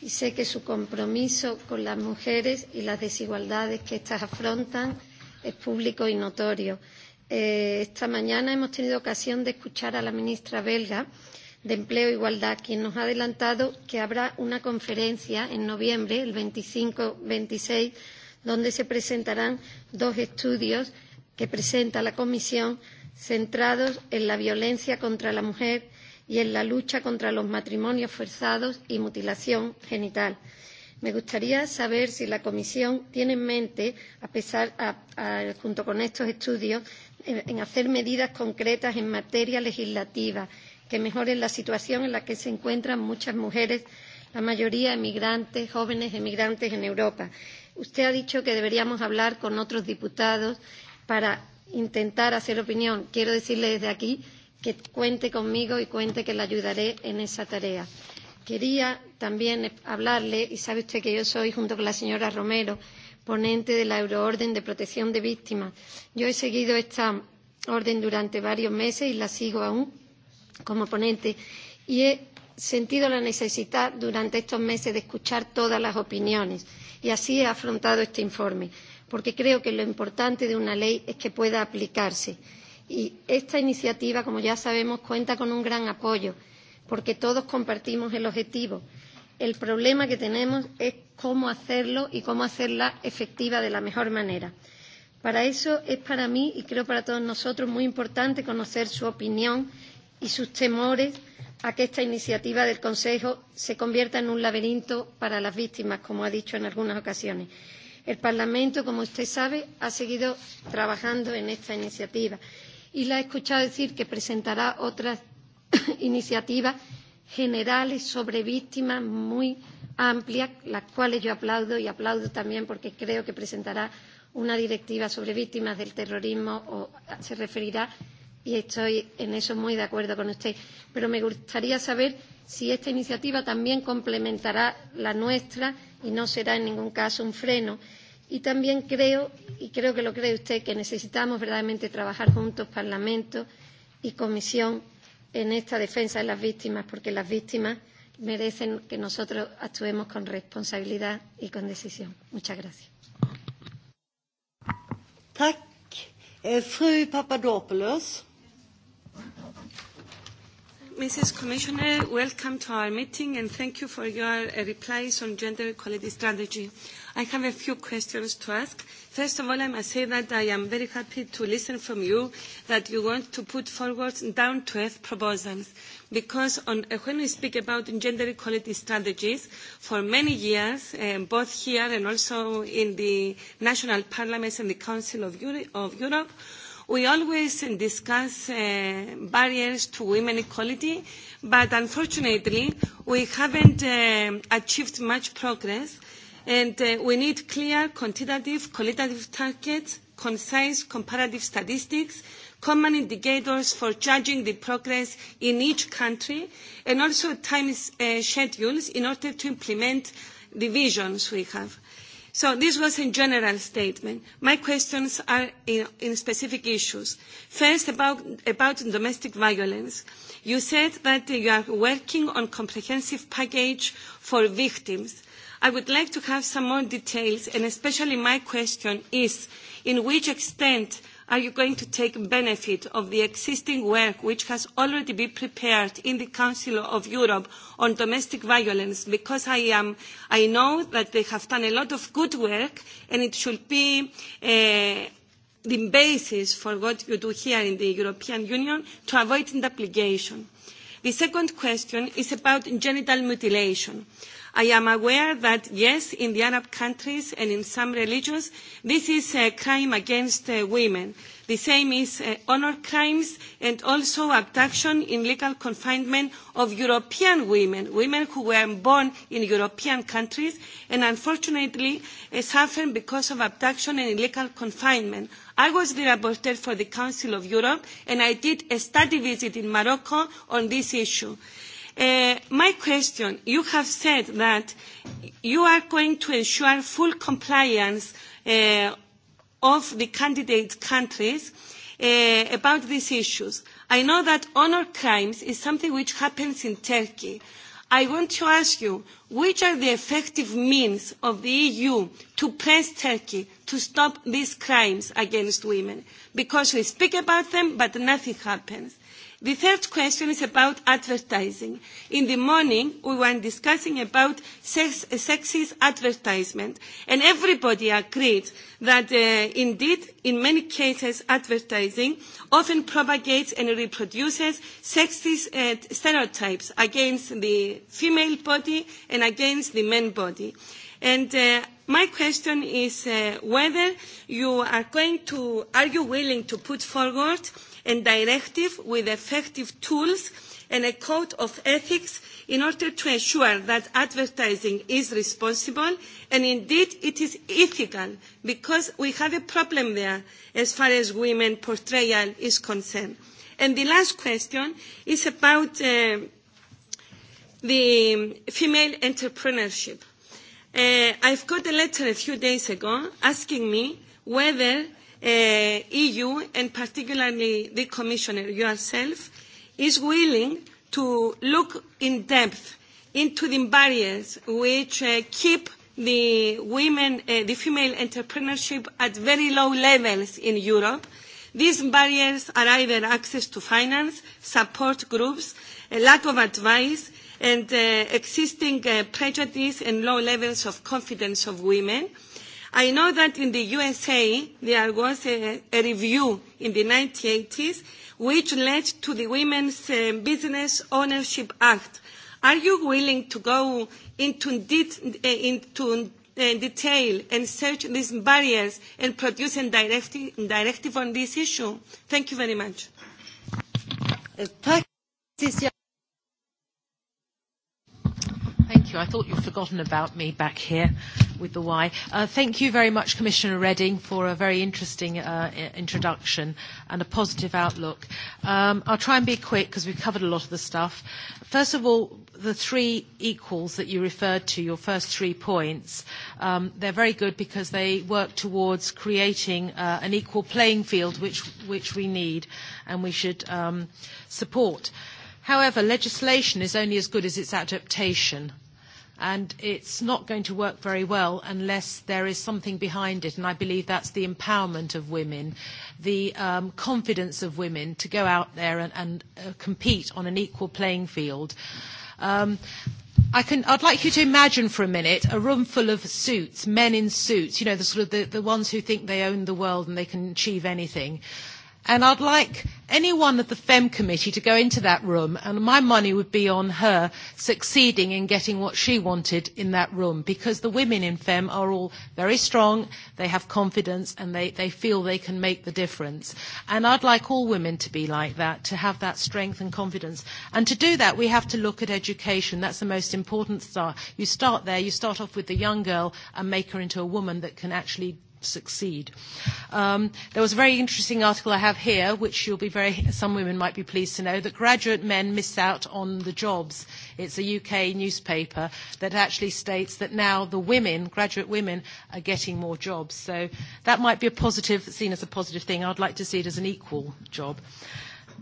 y sé que su compromiso con las mujeres y las desigualdades que éstas afrontan es público y notorio. Eh, esta mañana hemos tenido ocasión de escuchar a la ministra belga de Empleo e Igualdad, quien nos ha adelantado que habrá una conferencia en noviembre, el 25-26, donde se presentarán dos estudios que presenta la Comisión centrados en la violencia contra la mujer y en la lucha contra los matrimonios forzados y mutilación genital. Me gustaría saber si la Comisión tiene en mente, a pesar, a, a, junto con estos estudios, en, eh, en hacer medidas concretas en materia legislativa que mejoren la situación en la que se encuentran muchas mujeres, la mayoría emigrantes, jóvenes emigrantes en Europa. Usted ha dicho que deberíamos hablar con otros diputados para intentar hacer opinión. Quiero decirle desde aquí que cuente conmigo y cuente que le ayudaré en esa tarea. Quería también hablarle, y sabe usted que yo soy, junto con la señora Romero, ponente de la Euroorden de Protección de Víctimas. Yo he seguido esta orden durante varios meses y la sigo aún como ponente y he sentido la necesidad durante estos meses de escuchar todas las opiniones y así he afrontado este informe porque creo que lo importante de una ley es que pueda aplicarse. Y esta iniciativa, como ya sabemos, cuenta con un gran apoyo, porque todos compartimos el objetivo. El problema que tenemos es cómo hacerlo y cómo hacerla efectiva de la mejor manera. Para eso es para mí y creo para todos nosotros muy importante conocer su opinión y sus temores a que esta iniciativa del Consejo se convierta en un laberinto para las víctimas, como ha dicho en algunas ocasiones. El Parlamento, como usted sabe, ha seguido trabajando en esta iniciativa y la he escuchado decir que presentará otras iniciativas generales sobre víctimas muy amplias, las cuales yo aplaudo y aplaudo también porque creo que presentará una directiva sobre víctimas del terrorismo o se referirá y estoy en eso muy de acuerdo con usted. Pero me gustaría saber si esta iniciativa también complementará la nuestra y no será en ningún caso un freno. Eh, Y también creo, y creo que lo cree usted, que necesitamos verdaderamente trabajar juntos, Parlamento y Comisión, en esta defensa de las víctimas, porque las víctimas merecen que nosotros actuemos con responsabilidad y con decisión. Muchas gracias. Tack. Eh, fru Papadopoulos. Mrs. Commissioner, welcome to our meeting and thank you for your uh, replies on gender equality strategy. Uh, I have a few questions to ask. First of all, I must say that I am very happy to listen from you that you want to put forward down-to-earth proposals because on, uh, when we speak about gender equality strategies, for many years, um, both here and also in the national parliaments and the Council of, Euro- of Europe, we always discuss uh, barriers to women equality, but unfortunately, we haven't uh, achieved much progress And uh, we need clear, quantitative, qualitative targets, concise comparative statistics, common indicators for judging the progress in each country, and also time uh, schedules in order to implement the visions we have. So this was a general statement. My questions are in, in specific issues. First, about, about domestic violence. You said that you are working on comprehensive package for victims. I would like to have some more details, and especially my question is, in which extent are you going to take benefit of the existing work which has already been prepared in the Council of Europe on domestic violence? Because I, am, I know that they have done a lot of good work and it should be uh, the basis for what you do here in the European Union to avoid an application. The second question is about genital mutilation. Uh, I am aware that, yes, in the Arab countries and in some religions, this is a crime against uh, women. The same is uh, honor crimes and also abduction in legal confinement of European women, women who were born in European countries and unfortunately uh, suffered because of abduction and illegal confinement. I was the rapporteur for the Council of Europe and I did a study visit in Morocco on this issue. Uh, Uh, my question, you have said that you are going to ensure full compliance uh, of the candidate countries uh, about these issues. I know that honor crimes is something which happens in Turkey. I want to ask you, which are the effective means of the EU to press Turkey to stop these crimes against women? Because we speak about them, but nothing happens. The third question is about advertising. In the morning, we were discussing about sex, sexist advertisement, and everybody agreed that uh, indeed, in many cases, advertising often propagates and reproduces sexist uh, stereotypes against the female body and against the men body. And uh, My question is uh, whether you are going to, are you willing to put forward and directive with effective tools and a code of ethics in order to ensure that advertising is responsible and indeed it is ethical because we have a problem there as far as women portrayal is concerned. And the last question is about uh, the female entrepreneurship. Uh, I've got a letter a few days ago asking me whether Uh, EU and particularly the Commissioner yourself is willing to look in depth into the barriers which uh, keep the women, uh, the female entrepreneurship at very low levels in Europe. These barriers are either access to finance, support groups, a lack of advice, and uh, existing uh, prejudice and low levels of confidence of women. Uh, I know that in the USA there was a, a review in the 1980s which led to the Women's uh, Business Ownership Act. Are you willing to go into, de- uh, into uh, detail and search these barriers and produce a directive, directive on this issue? Thank you very much. Uh, Tack, Cecilia you. I thought you'd forgotten about me back here with the why. Uh, thank you very much, Commissioner Redding, for a very interesting uh, introduction and a positive outlook. Um, I'll try and be quick because we've covered a lot of the stuff. First of all, the three equals that you referred to, your first three points, um, they're very good because they work towards creating uh, an equal playing field, which, which we need and we should um, support. However, legislation is only as good as its adaptation and it's not going to work very well unless there is something behind it. And I believe that's the empowerment of women, the um, confidence of women to go out there and, and uh, compete on an equal playing field. Um, I can, I'd like you to imagine for a minute a room full of suits, men in suits, you know, the sort of the, the ones who think they own the world and they can achieve anything. Uh, And I'd like anyone of the FEM committee to go into that room, and my money would be on her succeeding in getting what she wanted in that room, because the women in FEM are all very strong, they have confidence, and they, they feel they can make the difference. And I'd like all women to be like that, to have that strength and confidence. And to do that, we have to look at education. That's the most important start. You start there, you start off with the young girl and make her into a woman that can actually succeed. Um, there was a very interesting article I have here, which you'll be very, some women might be pleased to know, that graduate men miss out on the jobs. It's a UK newspaper that actually states that now the women, graduate women, are getting more jobs. So that might be a positive, seen as a positive thing. I'd like to see it as an equal job. Uh,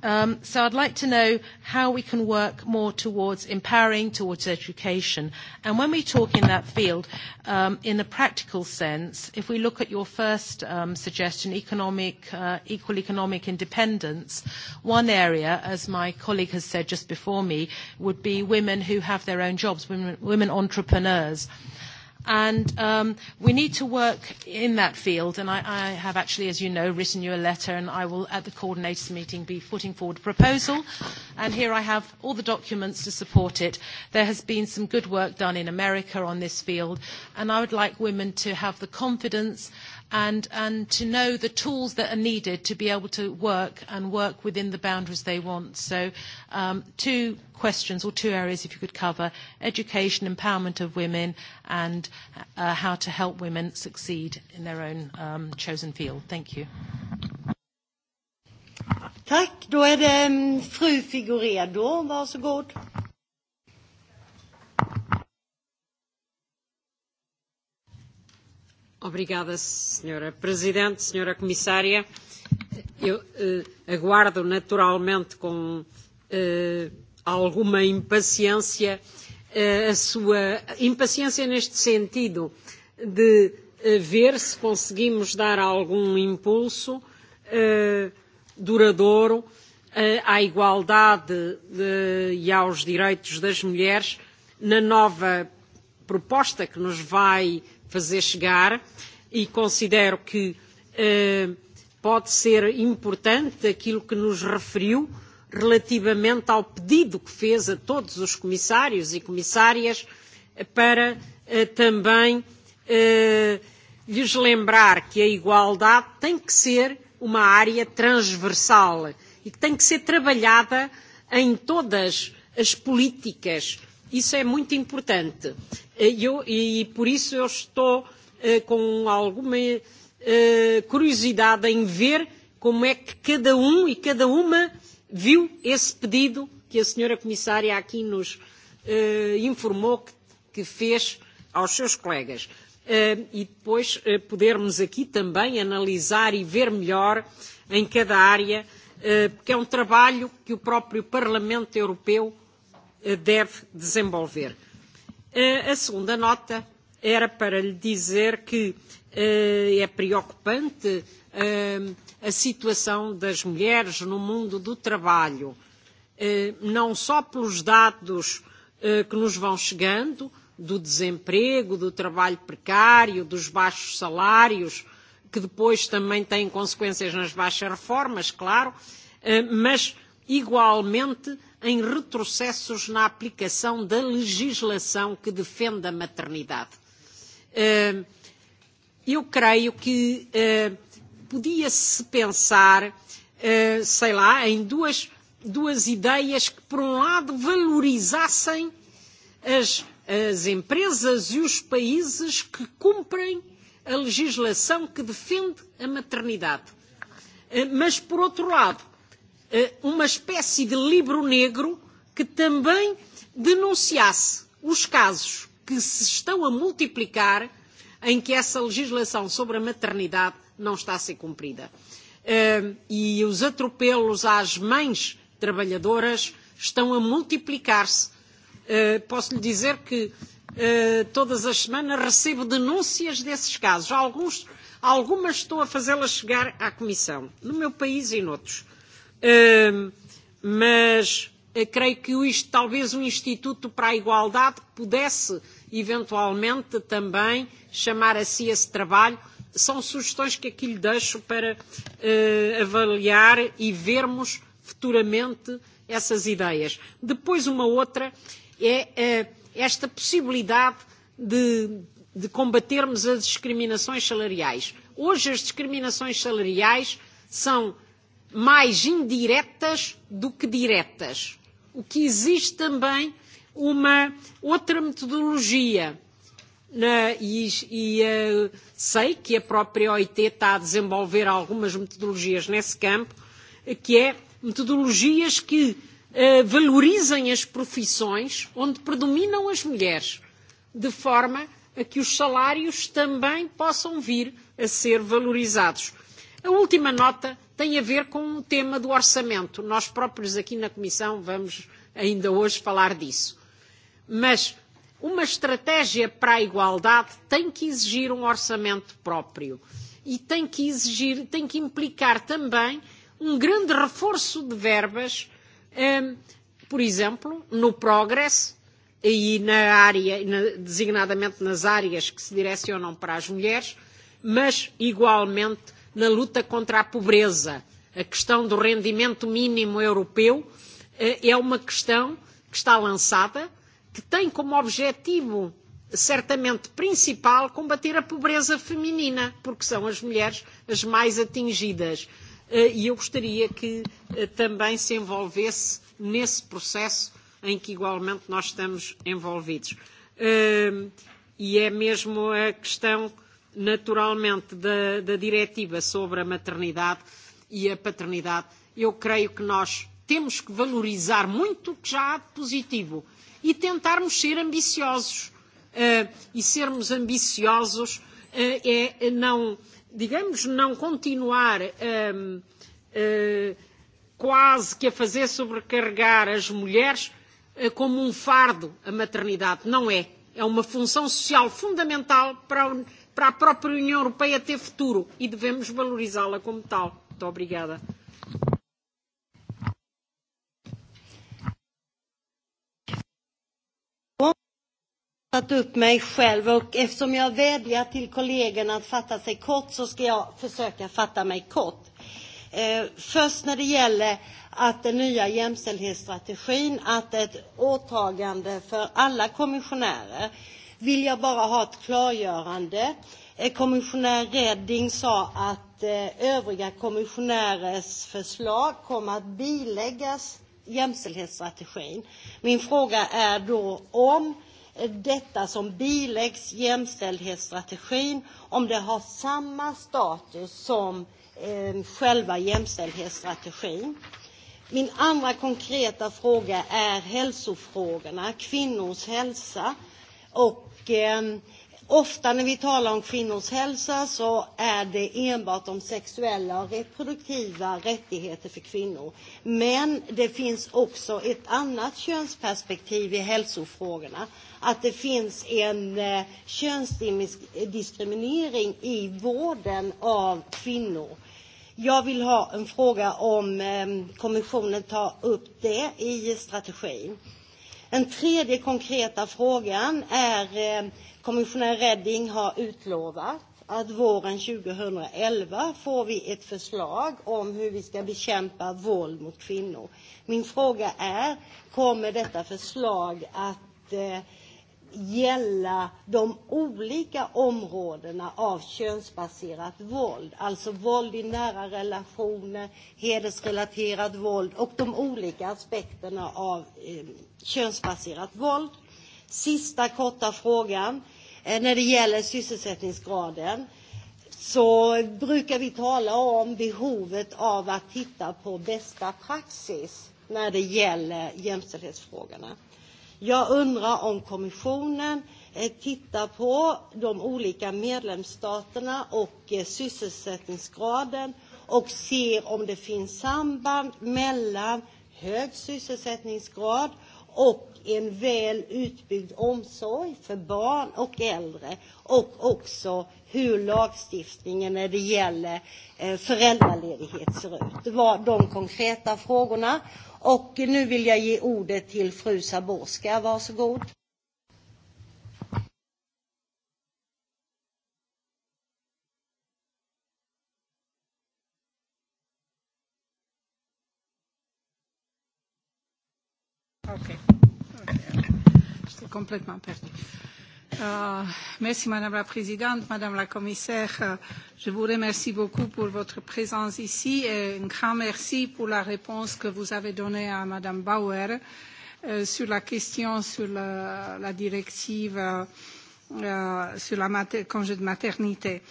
Um, so I'd like to know how we can work more towards empowering, towards education. And when we talk in that field, um, in a practical sense, if we look at your first um, suggestion, economic, uh, equal economic independence, one area, as my colleague has said just before me, would be women who have their own jobs, women, women entrepreneurs. And um, we need to work in that field. And I, I have actually, as you know, written you a letter, and I will, at the coordinators' meeting, be putting forward a proposal. And here I have all the documents to support it. There has been some good work done in America on this field, and I would like women to have the confidence and, and to know the tools that are needed to be able to work and work within the boundaries they want. So um, two questions or two areas if you could cover, education, empowerment of women and uh, how to help women succeed in their own um, chosen field. Thank you. Tack. Då är det mm, fru Figuredo. Varsågod. Obrigada, Senhora Presidente, Senhora Comissária. Eu eh, aguardo naturalmente com eh, alguma impaciência eh, a sua impaciência neste sentido de eh, ver se conseguimos dar algum impulso eh, duradouro eh, à igualdade de, eh, e aos direitos das mulheres na nova proposta que nos vai fazer chegar e considero que eh, pode ser importante aquilo que nos referiu relativamente ao pedido que fez a todos os comissários e comissárias para eh, também eh, lhes lembrar que a igualdade tem que ser uma área transversal e que tem que ser trabalhada em todas as políticas Isso é muito importante. E, eu, e por isso eu estou eh, com alguma eh, curiosidade em ver como é que cada um e cada uma viu esse pedido que a senhora comissária aqui nos eh, informou que, que fez aos seus colegas. Uh, e depois uh, podermos aqui também analisar e ver melhor em cada área, uh, porque é um trabalho que o próprio Parlamento Europeu Eh, deve desenvolver. Eh, a segunda nota era para lhe dizer que eh, é preocupante a situação das mulheres no mundo do trabalho, não só pelos dados que nos vão chegando, do desemprego, do trabalho precário, dos baixos salários, que depois também têm consequências nas baixas reformas, claro, mas igualmente em retrocessos na aplicação da legislação que defende a maternidade. Eh, eu creio que eh, podia-se pensar, eh, sei lá, em duas, duas ideias que, por um lado, valorizassem as, as empresas e os países que cumprem a legislação que defende a maternidade. Mas, por outro lado, Eh, uma espécie de livro negro que também denunciasse os casos que se estão a multiplicar em que essa legislação sobre a maternidade não está a ser cumprida. Eh, e os atropelos às mães trabalhadoras estão a multiplicar-se. Eh, Posso lhe dizer que todas as semanas recebo denúncias desses casos. Alguns, algumas estou a fazê-las chegar à Comissão, no meu país e noutros. Uh, mas uh, creio que isto, talvez o Instituto para a Igualdade pudesse, eventualmente, também chamar a si esse trabalho. São sugestões que aqui lhe deixo para uh, avaliar e vermos futuramente essas ideias. Depois, uma outra é uh, esta possibilidade de, de combatermos as discriminações salariais. Hoje, as discriminações salariais são uh, mais indiretas do que diretas. O que existe também uma outra metodologia. Na, e e uh, sei que a própria OIT está a desenvolver algumas metodologias nesse campo, que é metodologias que uh, valorizem as profissões onde predominam as mulheres, de forma a que os salários também possam vir a ser valorizados. A última nota tem a ver com o tema do orçamento. Nós próprios aqui na Comissão vamos ainda hoje falar disso. Mas uma estratégia para a igualdade tem que exigir um orçamento próprio e tem que exigir, tem que implicar também um grande reforço de verbas, um, por exemplo, no Progress e na área, na, designadamente nas áreas que se direcionam para as mulheres, mas igualmente na luta contra a pobreza. A questão do rendimento mínimo europeu eh, é uma questão que está lançada, que tem como objetivo certamente principal combater a pobreza feminina, porque são as mulheres as mais atingidas. Eh, e eu gostaria que eh, também se envolvesse nesse processo em que igualmente nós estamos envolvidos. E é mesmo a questão uh, naturalmente, da, da diretiva sobre a maternidade e a paternidade, eu creio que nós temos que valorizar muito o que já há de positivo e tentarmos ser ambiciosos. Uh, e sermos ambiciosos uh, é não, digamos, não continuar um, uh, quase que a fazer sobrecarregar as mulheres uh, como um fardo a maternidade. Não é. É uma função social fundamental para a para a própria União Europeia ter futuro e devemos valorizá-la como tal. Muito obrigada. tagit upp mig själv och eftersom jag vädjar till kollegorna att fatta sig kort så ska jag försöka fatta mig kort. Eh, först när det gäller att den nya jämställdhetsstrategin, att ett åtagande för alla kommissionärer eh, vill jag bara ha ett klargörande. Eh, kommissionär Redding sa att eh, övriga kommissionärers förslag kommer att biläggas jämställdhetsstrategin. Min fråga är då om eh, detta som biläggs jämställdhetsstrategin, om det har samma status som eh, själva jämställdhetsstrategin. Min andra konkreta fråga är hälsofrågorna, kvinnors hälsa och eh, ofta när vi talar om kvinnors hälsa så är det enbart om sexuella och reproduktiva rättigheter för kvinnor. Men det finns också ett annat könsperspektiv i hälsofrågorna. Att det finns en eh, könsdiskriminering i vården av kvinnor. Jag vill ha en fråga om eh, kommissionen tar upp det i strategin. Eh, Den tredje konkreta frågan är eh, kommissionär Redding har utlovat att våren 2011 får vi ett förslag om hur vi ska bekämpa våld mot kvinnor. Min fråga är, kommer detta förslag att eh, gälla de olika områdena av könsbaserat våld. Alltså våld i nära relationer, hedersrelaterat våld och de olika aspekterna av eh, könsbaserat våld. Sista korta frågan. Eh, när det gäller sysselsättningsgraden så brukar vi tala om behovet av att titta på bästa praxis när det gäller jämställdhetsfrågorna. Jag undrar om kommissionen eh, tittar på de olika medlemsstaterna och eh, sysselsättningsgraden och ser om det finns samband mellan hög sysselsättningsgrad och en väl utbyggd omsorg för barn och äldre och också hur lagstiftningen när det gäller eh, föräldraledighet ser ut. Det var de konkreta frågorna. Och nu vill jag ge ordet till fru Zaborska. Varsågod. complètement perdue. Euh, merci Madame la Présidente, Madame la Commissaire. Euh, je vous remercie beaucoup pour votre présence ici et un grand merci pour la réponse que vous avez donnée à Madame Bauer euh, sur la question sur la, la directive euh, euh, sur la mater, congé de maternité.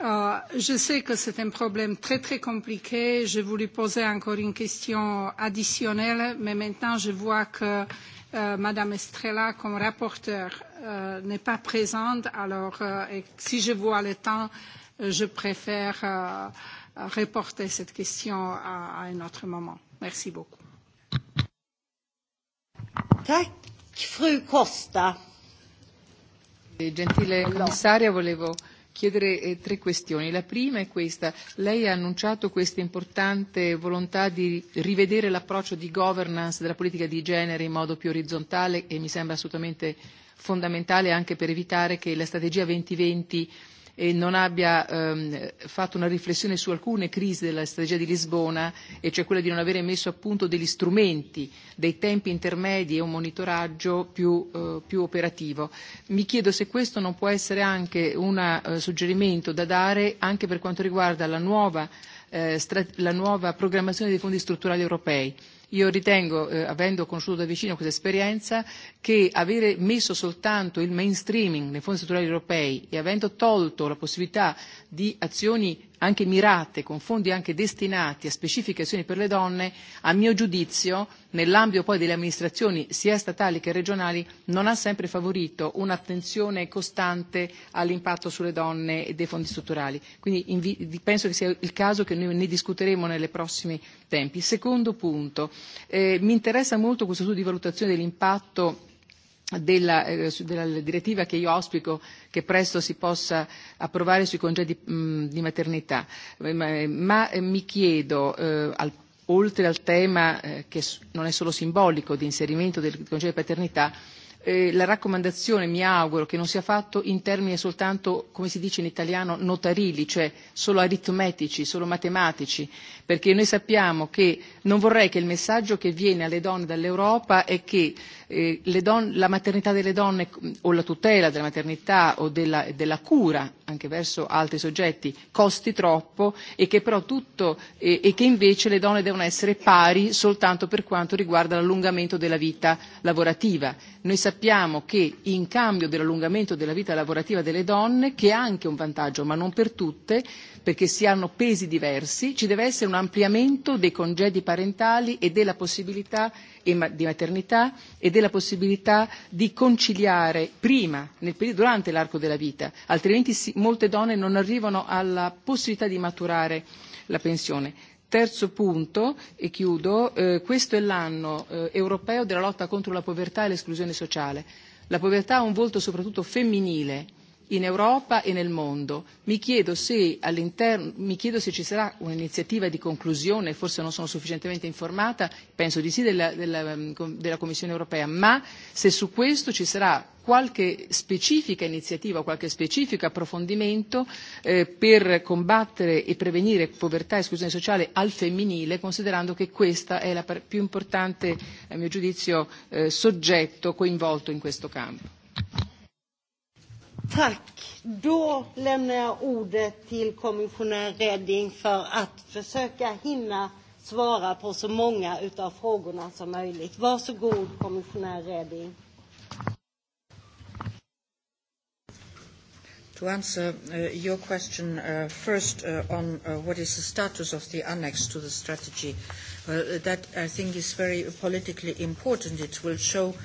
Euh, je sais que c'est un problème très très compliqué. Je voulais poser encore une question additionnelle, mais maintenant je vois que euh, Madame Estrella, comme rapporteure, euh, n'est pas présente, alors euh, et si je vois le temps, euh, je préfère euh, reporter cette question à, à un autre moment. Merci beaucoup. Tack, fru Costa. Gentile commissario, volevo chiedere eh, tre questioni. La prima è questa. Lei ha annunciato questa importante volontà di rivedere l'approccio di governance della politica di genere in modo più orizzontale e mi sembra assolutamente fondamentale anche per evitare che la strategia 2020 e non abbia ehm, fatto una riflessione su alcune crisi della strategia di Lisbona, e cioè quella di non avere messo a punto degli strumenti, dei tempi intermedi e un monitoraggio più, eh, più operativo. Mi chiedo se questo non può essere anche un eh, suggerimento da dare anche per quanto riguarda la nuova, eh, la nuova programmazione dei fondi strutturali europei Io ritengo, eh, avendo conosciuto da vicino questa esperienza, che avere messo soltanto il mainstreaming nei fondi strutturali europei e avendo tolto la possibilità di azioni anche mirate, con fondi anche destinati a specifiche azioni per le donne, a mio giudizio, nell'ambito poi delle amministrazioni sia statali che regionali, non ha sempre favorito un'attenzione costante all'impatto sulle donne e dei fondi strutturali. Quindi invi- penso che sia il caso che noi ne discuteremo nelle prossime tempi. Secondo punto, eh, mi interessa molto questo studio di valutazione dell'impatto della, eh, della direttiva che io auspico che presto si possa approvare sui congedi mh, di maternità, eh, ma, eh, ma eh, mi chiedo, eh, al, oltre al tema eh, che non è solo simbolico di inserimento del congedo di paternità, eh, la raccomandazione mi auguro che non sia fatto in termini soltanto, come si dice in italiano, notarili, cioè solo aritmetici, solo matematici, perché noi sappiamo che non vorrei che il messaggio che viene alle donne dall'Europa è che eh, eh, le don- la maternità delle donne mm, o la tutela della maternità o della, della cura anche verso altri soggetti costi troppo e che però tutto eh, e che invece le donne devono essere pari soltanto per quanto riguarda l'allungamento della vita lavorativa. Noi sappiamo che in cambio dell'allungamento della vita lavorativa delle donne, che è anche un vantaggio ma non per tutte, perché si hanno pesi diversi, ci deve essere un ampliamento dei congedi parentali e della possibilità e di maternità e della possibilità di conciliare prima, nel periodo, durante l'arco della vita, altrimenti si, molte donne non arrivano alla possibilità di maturare la pensione. Terzo punto, e chiudo, eh, questo è l'anno eh, europeo della lotta contro la povertà e l'esclusione sociale. La povertà ha un volto soprattutto femminile in Europa e nel mondo. Mi chiedo se, mi chiedo se ci sarà un'iniziativa di conclusione, forse non sono sufficientemente informata, penso di sì, della, della, mm, della Commissione europea, ma se su questo ci sarà qualche specifica iniziativa, qualche specifico approfondimento eh, per combattere e prevenire povertà e esclusione sociale al femminile, considerando che questa è la più importante, a mio giudizio, eh, soggetto coinvolto in questo campo. Tack. Då lämnar jag ordet till kommissionär Redding för att försöka hinna svara på så många av frågorna som möjligt. Varsågod, kommissionär Redding. To answer uh, your question uh, first uh, on uh, what is the status of the annex to the strategy uh, Well, uh, that I think is very politically important. It will show uh,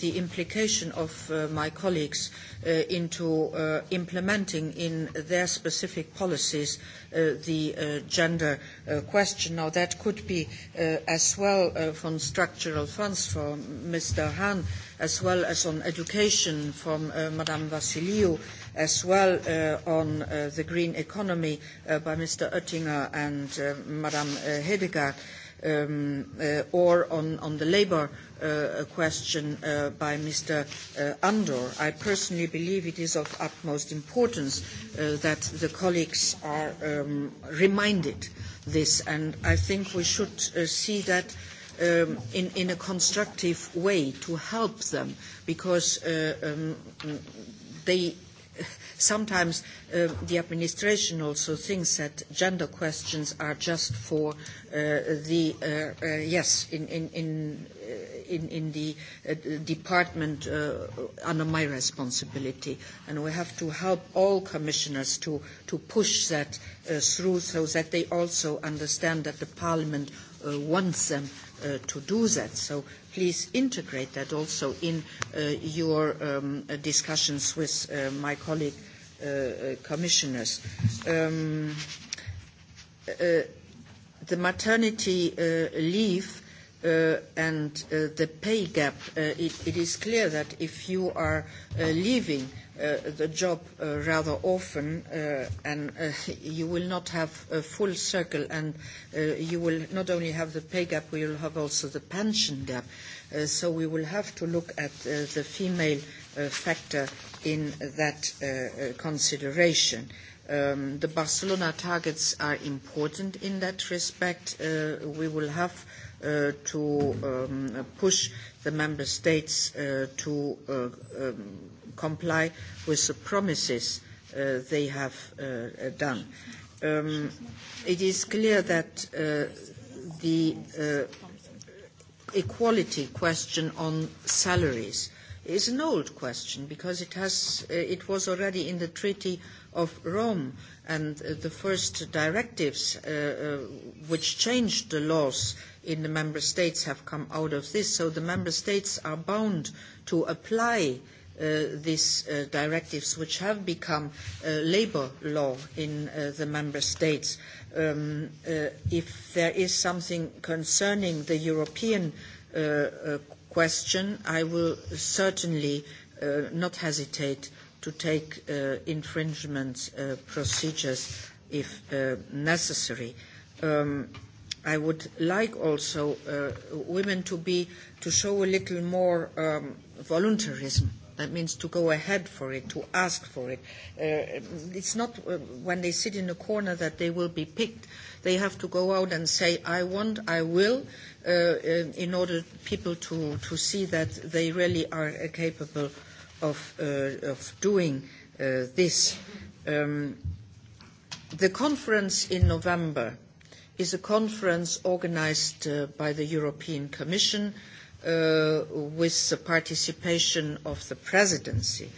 the implication of uh, my colleagues uh, into uh, implementing in their specific policies uh, the uh, gender uh, question. Now that could be uh, as well uh, from structural funds for Mr. Hahn, as well as on education from uh, Madame Vassiliou, as well uh, on uh, the green economy uh, by Mr. Oettinger and uh, Madame uh, Hedegaard. Uh, um, uh, or on, on the labor uh, question uh, by Mr. Uh, Andor. I personally believe it is of utmost importance uh, that the colleagues are um, reminded this, and I think we should uh, see that um, in, in a constructive way to help them, because uh, um, they sometimes uh, the administration also thinks that gender questions are just for uh, the, uh, uh, yes, in, in, in, uh, in, in the uh, department uh, under my responsibility. And we have to help all commissioners to, to push that uh, through so that they also understand that the parliament uh, wants them uh, to do that. So please integrate that also in uh, your um, discussions with uh, my colleague uh, uh, uh, commissioners. Um, uh, the maternity uh, leave uh, and uh, the pay gap, uh, it, it is clear that if you are uh, leaving uh, the job uh, rather often uh, and uh, you will not have a full circle and uh, you will not only have the pay gap, we will have also the pension gap. Uh, so we will have to look at uh, the female uh, uh, factor in that uh, uh, consideration. Um, the Barcelona targets are important in that respect. Uh, we will have uh, to um, push the member states uh, to uh, um, comply with the promises uh, they have uh, done. Um, it is clear that uh, the uh, equality question on salaries uh, is an old question because it, has, uh, it was already in the Treaty of Rome and uh, the first directives uh, uh, which changed the laws in the member states have come out of this. So the member states are bound to apply uh, these uh, directives which have become uh, labor law in uh, the member states. Um, uh, if there is something concerning the European uh, uh, question, I will certainly uh, not hesitate to take uh, infringement uh, procedures if uh, necessary. Um, I would like also uh, women to be to show a little more um, voluntarism uh, That means to go ahead for it, to ask for it. Uh, it's not uh, when they sit in a corner that they will be picked. They have to go out and say, I want, I will, uh, uh in order people to, to see that they really are uh, capable of, uh, of doing uh, this. Um, the conference in November is a conference organized uh, by the European Commission uh, uh, with the participation of the presidency.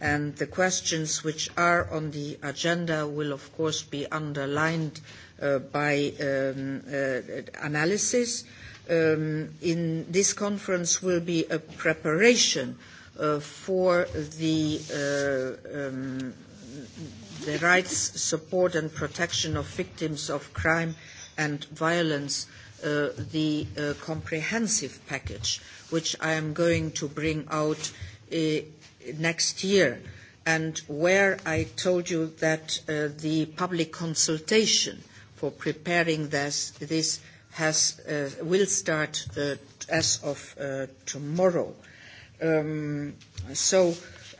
And the questions which are on the agenda will, of course, be underlined uh, by um, uh, analysis. Um, in this conference will be a preparation uh, for the uh, um, the rights, support and protection of victims of crime and violence uh, uh, the uh, comprehensive package, which I am going to bring out uh, next year, and where I told you that uh, the public consultation for preparing this, this has, uh, will start uh, as of uh, tomorrow. Um, so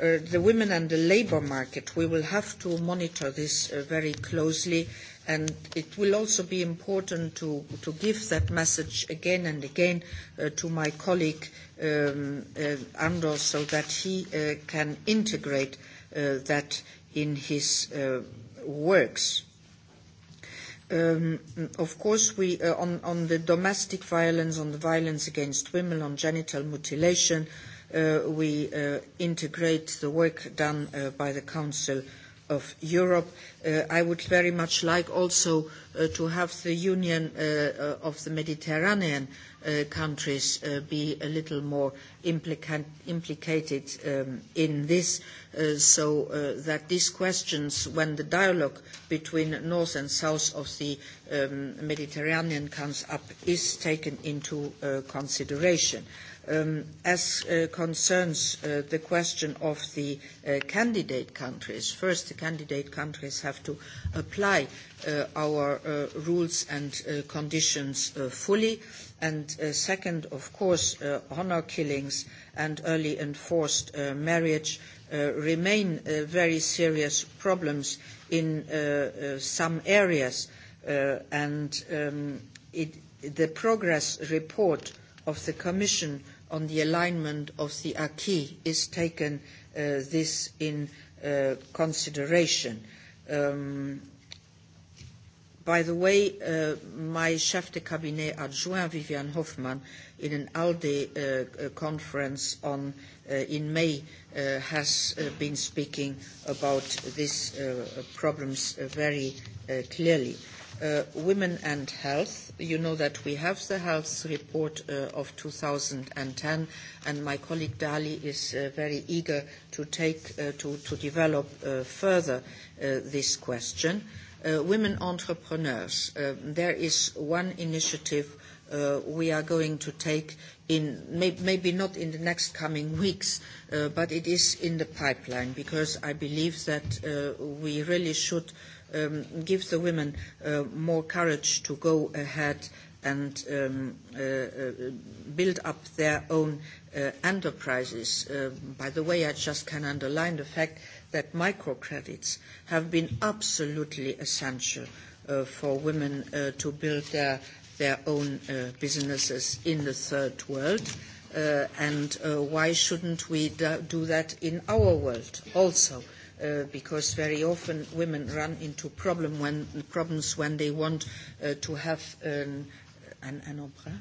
uh, the women and the labour market, we will have to monitor this uh, very closely uh, And it will also be important to, to give that message again and again uh, to my colleague um, uh, Andor so that he uh, can integrate uh, that in his uh, works. Um, of course, we, uh, on, on the domestic violence, on the violence against women, on genital mutilation, uh, we uh, integrate the work done uh, by the Council uh, of Europe. Uh, I would very much like also uh, to have the Union uh, uh of the Mediterranean uh, countries uh, be a little more implica implicated um, in this, uh, so uh, that these questions, when the dialogue between North and South of the um, Mediterranean comes up, is taken into uh, consideration. Uh, Um, as uh, concerns uh, the question of the uh, candidate countries, first the candidate countries have to apply uh, our uh, rules and uh, conditions uh, fully. And uh, second, of course, uh, honor killings and early and forced uh, marriage uh, remain uh, very serious problems in uh, uh, some areas. Uh, and um, it, the progress report of the Commission uh, on the alignment of the acquis is taken uh, this in uh, consideration. Um, by the way, uh, my chef de cabinet adjoint, Vivian Hoffman, in an ALDE uh, uh, conference on, uh, in May, uh, has uh, been speaking about these uh, problems uh, very uh, clearly. Uh, uh, women and health. You know that we have the health report uh, of 2010, and my colleague Dali is uh, very eager to take uh, to, to develop uh, further uh, this question. Uh, women entrepreneurs. Uh, there is one initiative uh, we are going to take in may, maybe not in the next coming weeks, uh, but it is in the pipeline because I believe that uh, we really should uh, um, gives the women uh, more courage to go ahead and um, uh, uh, build up their own uh, enterprises. Uh, by the way, I just can underline the fact that microcredits have been absolutely essential uh, for women uh, to build their, their own uh, businesses in the third world. Uh, and uh, why shouldn't we do that in our world also? Uh, uh, because very often women run into problem when, problems when they want uh, to have an, an, an emprunt,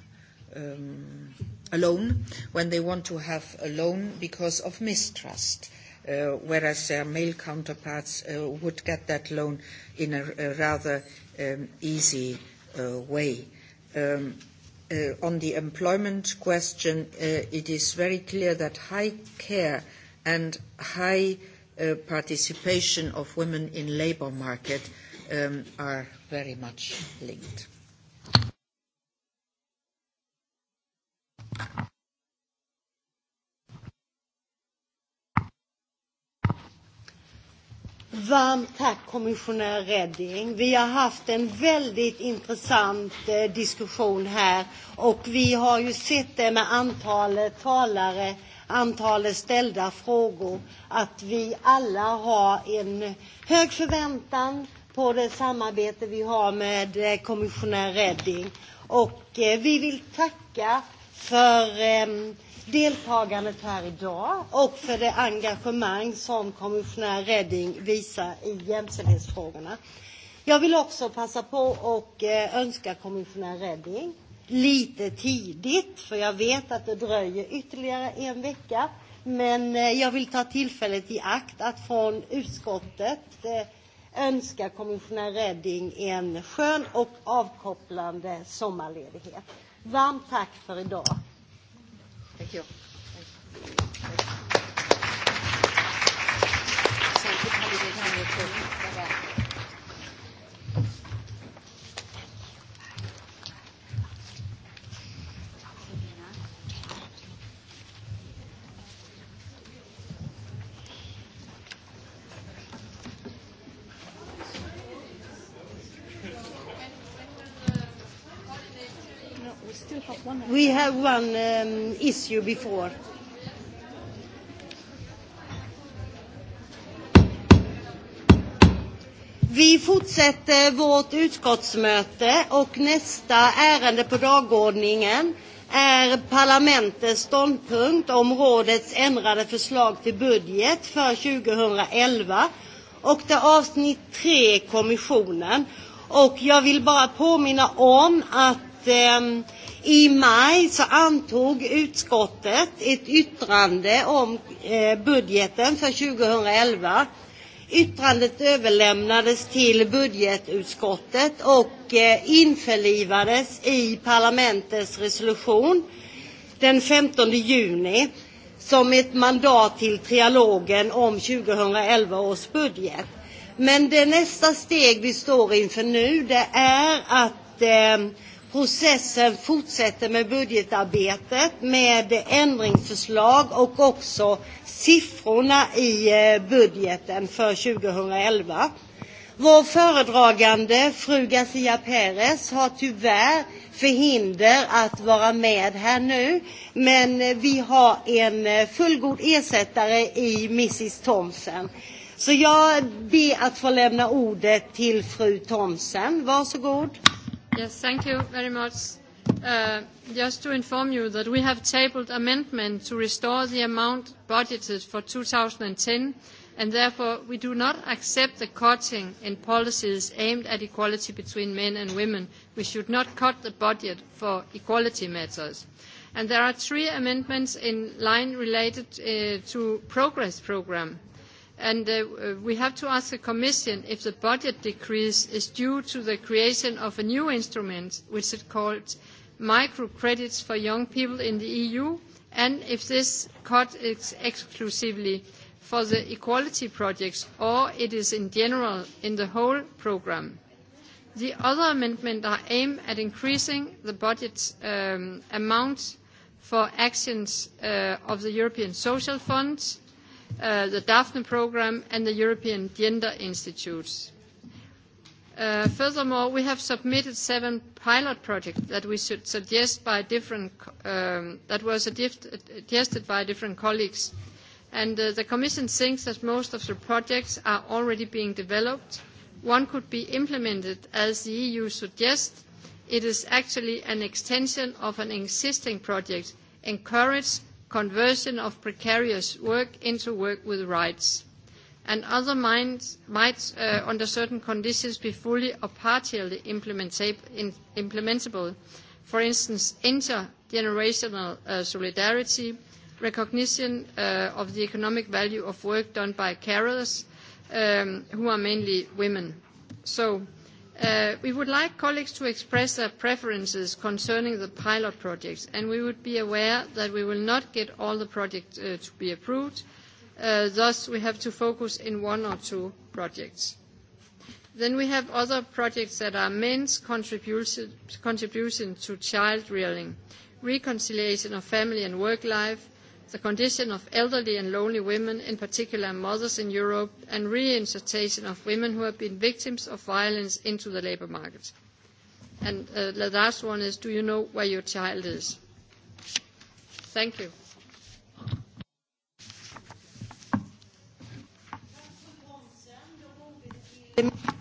um, a loan, when they want to have a loan because of mistrust. Uh, whereas their male counterparts uh, would get that loan in a, a rather um, easy uh, way. Um, Uh, on the employment question, uh, it is very clear that high care and high uh, participation of women in labor market um, are very much linked. Varmt tack kommissionär Redding. Vi har haft en väldigt intressant eh, diskussion här och vi har ju sett det med antalet talare eh, antalet ställda frågor att vi alla har en hög förväntan på det samarbete vi har med eh, kommissionär Redding. Och eh, vi vill tacka för eh, deltagandet här idag och för det engagemang som kommissionär Redding visar i jämställdhetsfrågorna. Jag vill också passa på och eh, önska kommissionär Redding lite tidigt, för jag vet att det dröjer ytterligare en vecka. Men eh, jag vill ta tillfället i akt att från utskottet eh, önska kommissionär Redding en skön och avkopplande sommarledighet. Varmt tack för idag. Thank you. Thank you. have one um, issue before. Vi fortsätter vårt utskottsmöte och nästa ärende på dagordningen är parlamentets ståndpunkt om rådets ändrade förslag till budget för 2011 och det avsnitt 3 kommissionen. Och jag vill bara påminna om att um, i maj så antog utskottet ett yttrande om eh, budgeten för 2011. Yttrandet överlämnades till budgetutskottet och eh, införlivades i parlamentets resolution den 15 juni som ett mandat till trialogen om 2011 års budget. Men det nästa steg vi står inför nu det är att eh, processen fortsätter med budgetarbetet med ändringsförslag och också siffrorna i eh, budgeten för 2011. Vår föredragande, fru Garcia Perez, har tyvärr förhinder att vara med här nu. Men eh, vi har en eh, fullgod ersättare i Mrs Thomsen. Så jag ber att få lämna ordet till fru Thomsen. Varsågod. Yes, thank you very much. Uh, just to inform you that we have tabled amendment to restore the amount budgeted for 2010, and therefore we do not accept the cutting in policies aimed at equality between men and women. We should not cut the budget for equality matters. And there are three amendments in line related uh, to progress program. Uh, and uh, we have to ask the Commission if the budget decrease is due to the creation of a new instrument, which it called microcredits for young people in the EU, and if this cut is exclusively for the equality projects, or it is in general in the whole programme. The other amendments are aimed at increasing the budget um, amount for actions uh, of the European Social Fund, uh, the Daphne Programme, and the European Gender Institutes. Uh, furthermore, we have submitted seven pilot projects that we should suggest by different, um, that were suggested uh, by different colleagues. And uh, the Commission thinks that most of the projects are already being developed. One could be implemented as the EU suggests. It is actually an extension of an existing project encouraged conversion of precarious work into work with rights, and other minds, might, uh, under certain conditions, be fully or partially implementable. For instance, intergenerational uh, solidarity, recognition uh, of the economic value of work done by carers, um, who are mainly women. So, Uh, we would like colleagues to express their preferences concerning the pilot projects, and we would be aware that we will not get all the projects uh, to be approved. Uh, thus, we have to focus in one or two projects. Then we have other projects that are men's contribution, contribution to child rearing, reconciliation of family and work life, the condition of elderly and lonely women, in particular mothers in Europe, and reinsertion of women who have been victims of violence into the labour market. And uh, the last one is, do you know where your child is? Thank you. Thank you.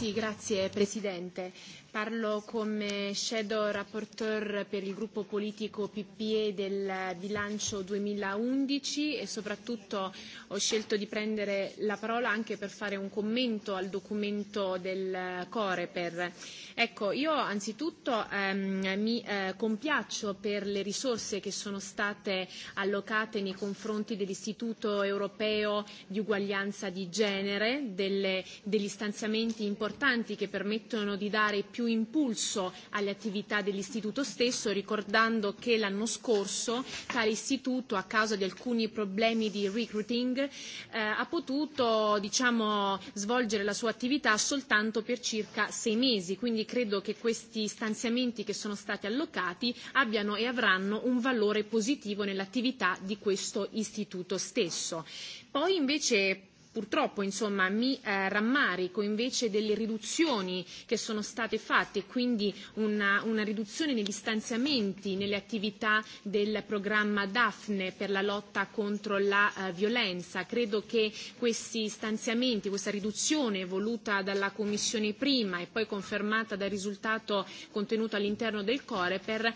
Sì, grazie Presidente. Parlo come Shadow Rapporteur per il gruppo politico PPE del bilancio 2011 e soprattutto ho scelto di prendere la parola anche per fare un commento al documento del Coreper. Ecco, io anzitutto ehm, mi eh, compiaccio per le risorse che sono state allocate nei confronti dell'Istituto europeo di uguaglianza di genere, delle, degli stanziamenti importanti importanti che permettono di dare più impulso alle attività dell'istituto stesso, ricordando che l'anno scorso tale istituto, a causa di alcuni problemi di recruiting, eh, ha potuto diciamo, svolgere la sua attività soltanto per circa sei mesi, quindi credo che questi stanziamenti che sono stati allocati abbiano e avranno un valore positivo nell'attività di questo istituto stesso. Poi invece purtroppo insomma, mi eh, rammarico invece delle riduzioni che sono state fatte, e quindi una, una riduzione negli stanziamenti, nelle attività del programma Daphne per la lotta contro la eh, violenza. Credo che questi stanziamenti, questa riduzione voluta dalla Commissione prima e poi confermata dal risultato contenuto all'interno del Coreper eh,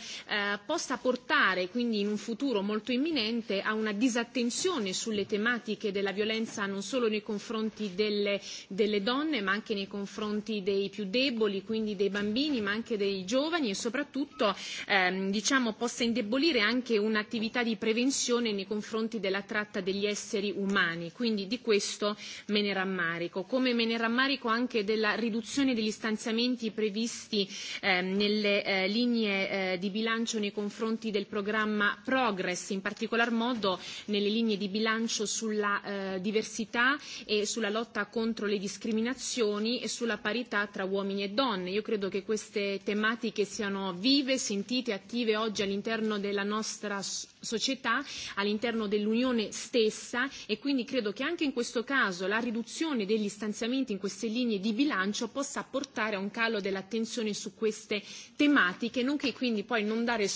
possa portare quindi in un futuro molto imminente a una disattenzione sulle tematiche della violenza non solo solo nei confronti delle, delle donne, ma anche nei confronti dei più deboli, quindi dei bambini, ma anche dei giovani e soprattutto ehm, diciamo, possa indebolire anche un'attività di prevenzione nei confronti della tratta degli esseri umani. Quindi di questo me ne rammarico. Come me ne rammarico anche della riduzione degli stanziamenti previsti ehm, nelle eh, linee eh, di bilancio nei confronti del programma Progress, in particolar modo nelle linee di bilancio sulla eh, diversità parità e sulla lotta contro le discriminazioni e sulla parità tra uomini e donne. Io credo che queste tematiche siano vive, sentite, attive oggi all'interno della nostra società, all'interno dell'Unione stessa e quindi credo che anche in questo caso la riduzione degli stanziamenti in queste linee di bilancio possa portare a un calo dell'attenzione su queste tematiche, nonché quindi poi non dare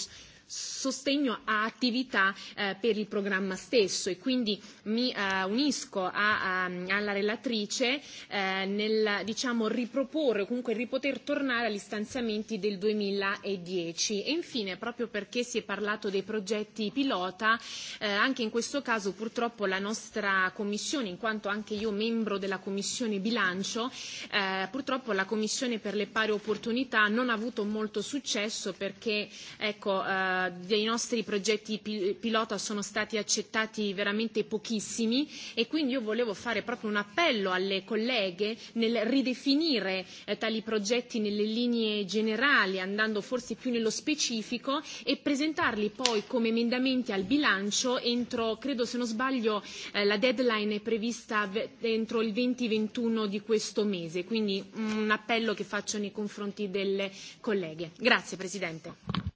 sostegno a attività eh, per il programma stesso e quindi mi eh, unisco a, a, alla relatrice eh, nel diciamo, riproporre o comunque ripoter tornare agli stanziamenti del 2010. E infine, proprio perché si è parlato dei progetti pilota, eh, anche in questo caso purtroppo la nostra Commissione, in quanto anche io membro della Commissione bilancio, eh, purtroppo la Commissione per le pari opportunità non ha avuto molto successo perché ecco, eh, eh, dei nostri progetti pil- pilota sono stati accettati veramente pochissimi e quindi io volevo fare proprio un appello alle colleghe nel ridefinire eh, tali progetti nelle linee generali, andando forse più nello specifico e presentarli poi come emendamenti al bilancio entro, credo se non sbaglio, eh, la deadline è prevista v- entro il 20-21 di questo mese, quindi un appello che faccio nei confronti delle colleghe. Grazie Presidente.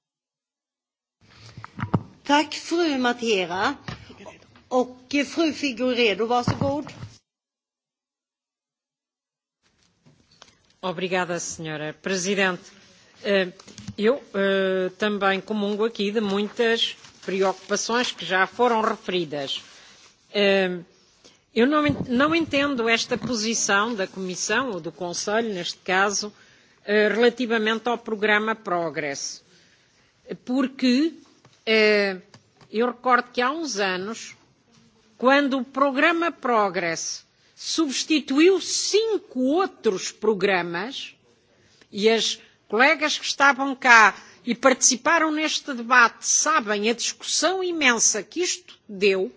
Tack fru Matera. Och eh, fru Figueredo, varsågod. Obrigada, senhora presidente. Eh, eu uh, também comungo aqui de muitas preocupações que já foram referidas. Uh, eu não, não entendo esta posição da Comissão, ou do Conselho, neste caso, uh, relativamente ao programa Progress, porque uh, Eu eh, e recordo que há uns anos, quando o programa Progress substituiu cinco outros programas, e as colegas que estavam cá e participaram neste debate sabem a discussão imensa que isto deu,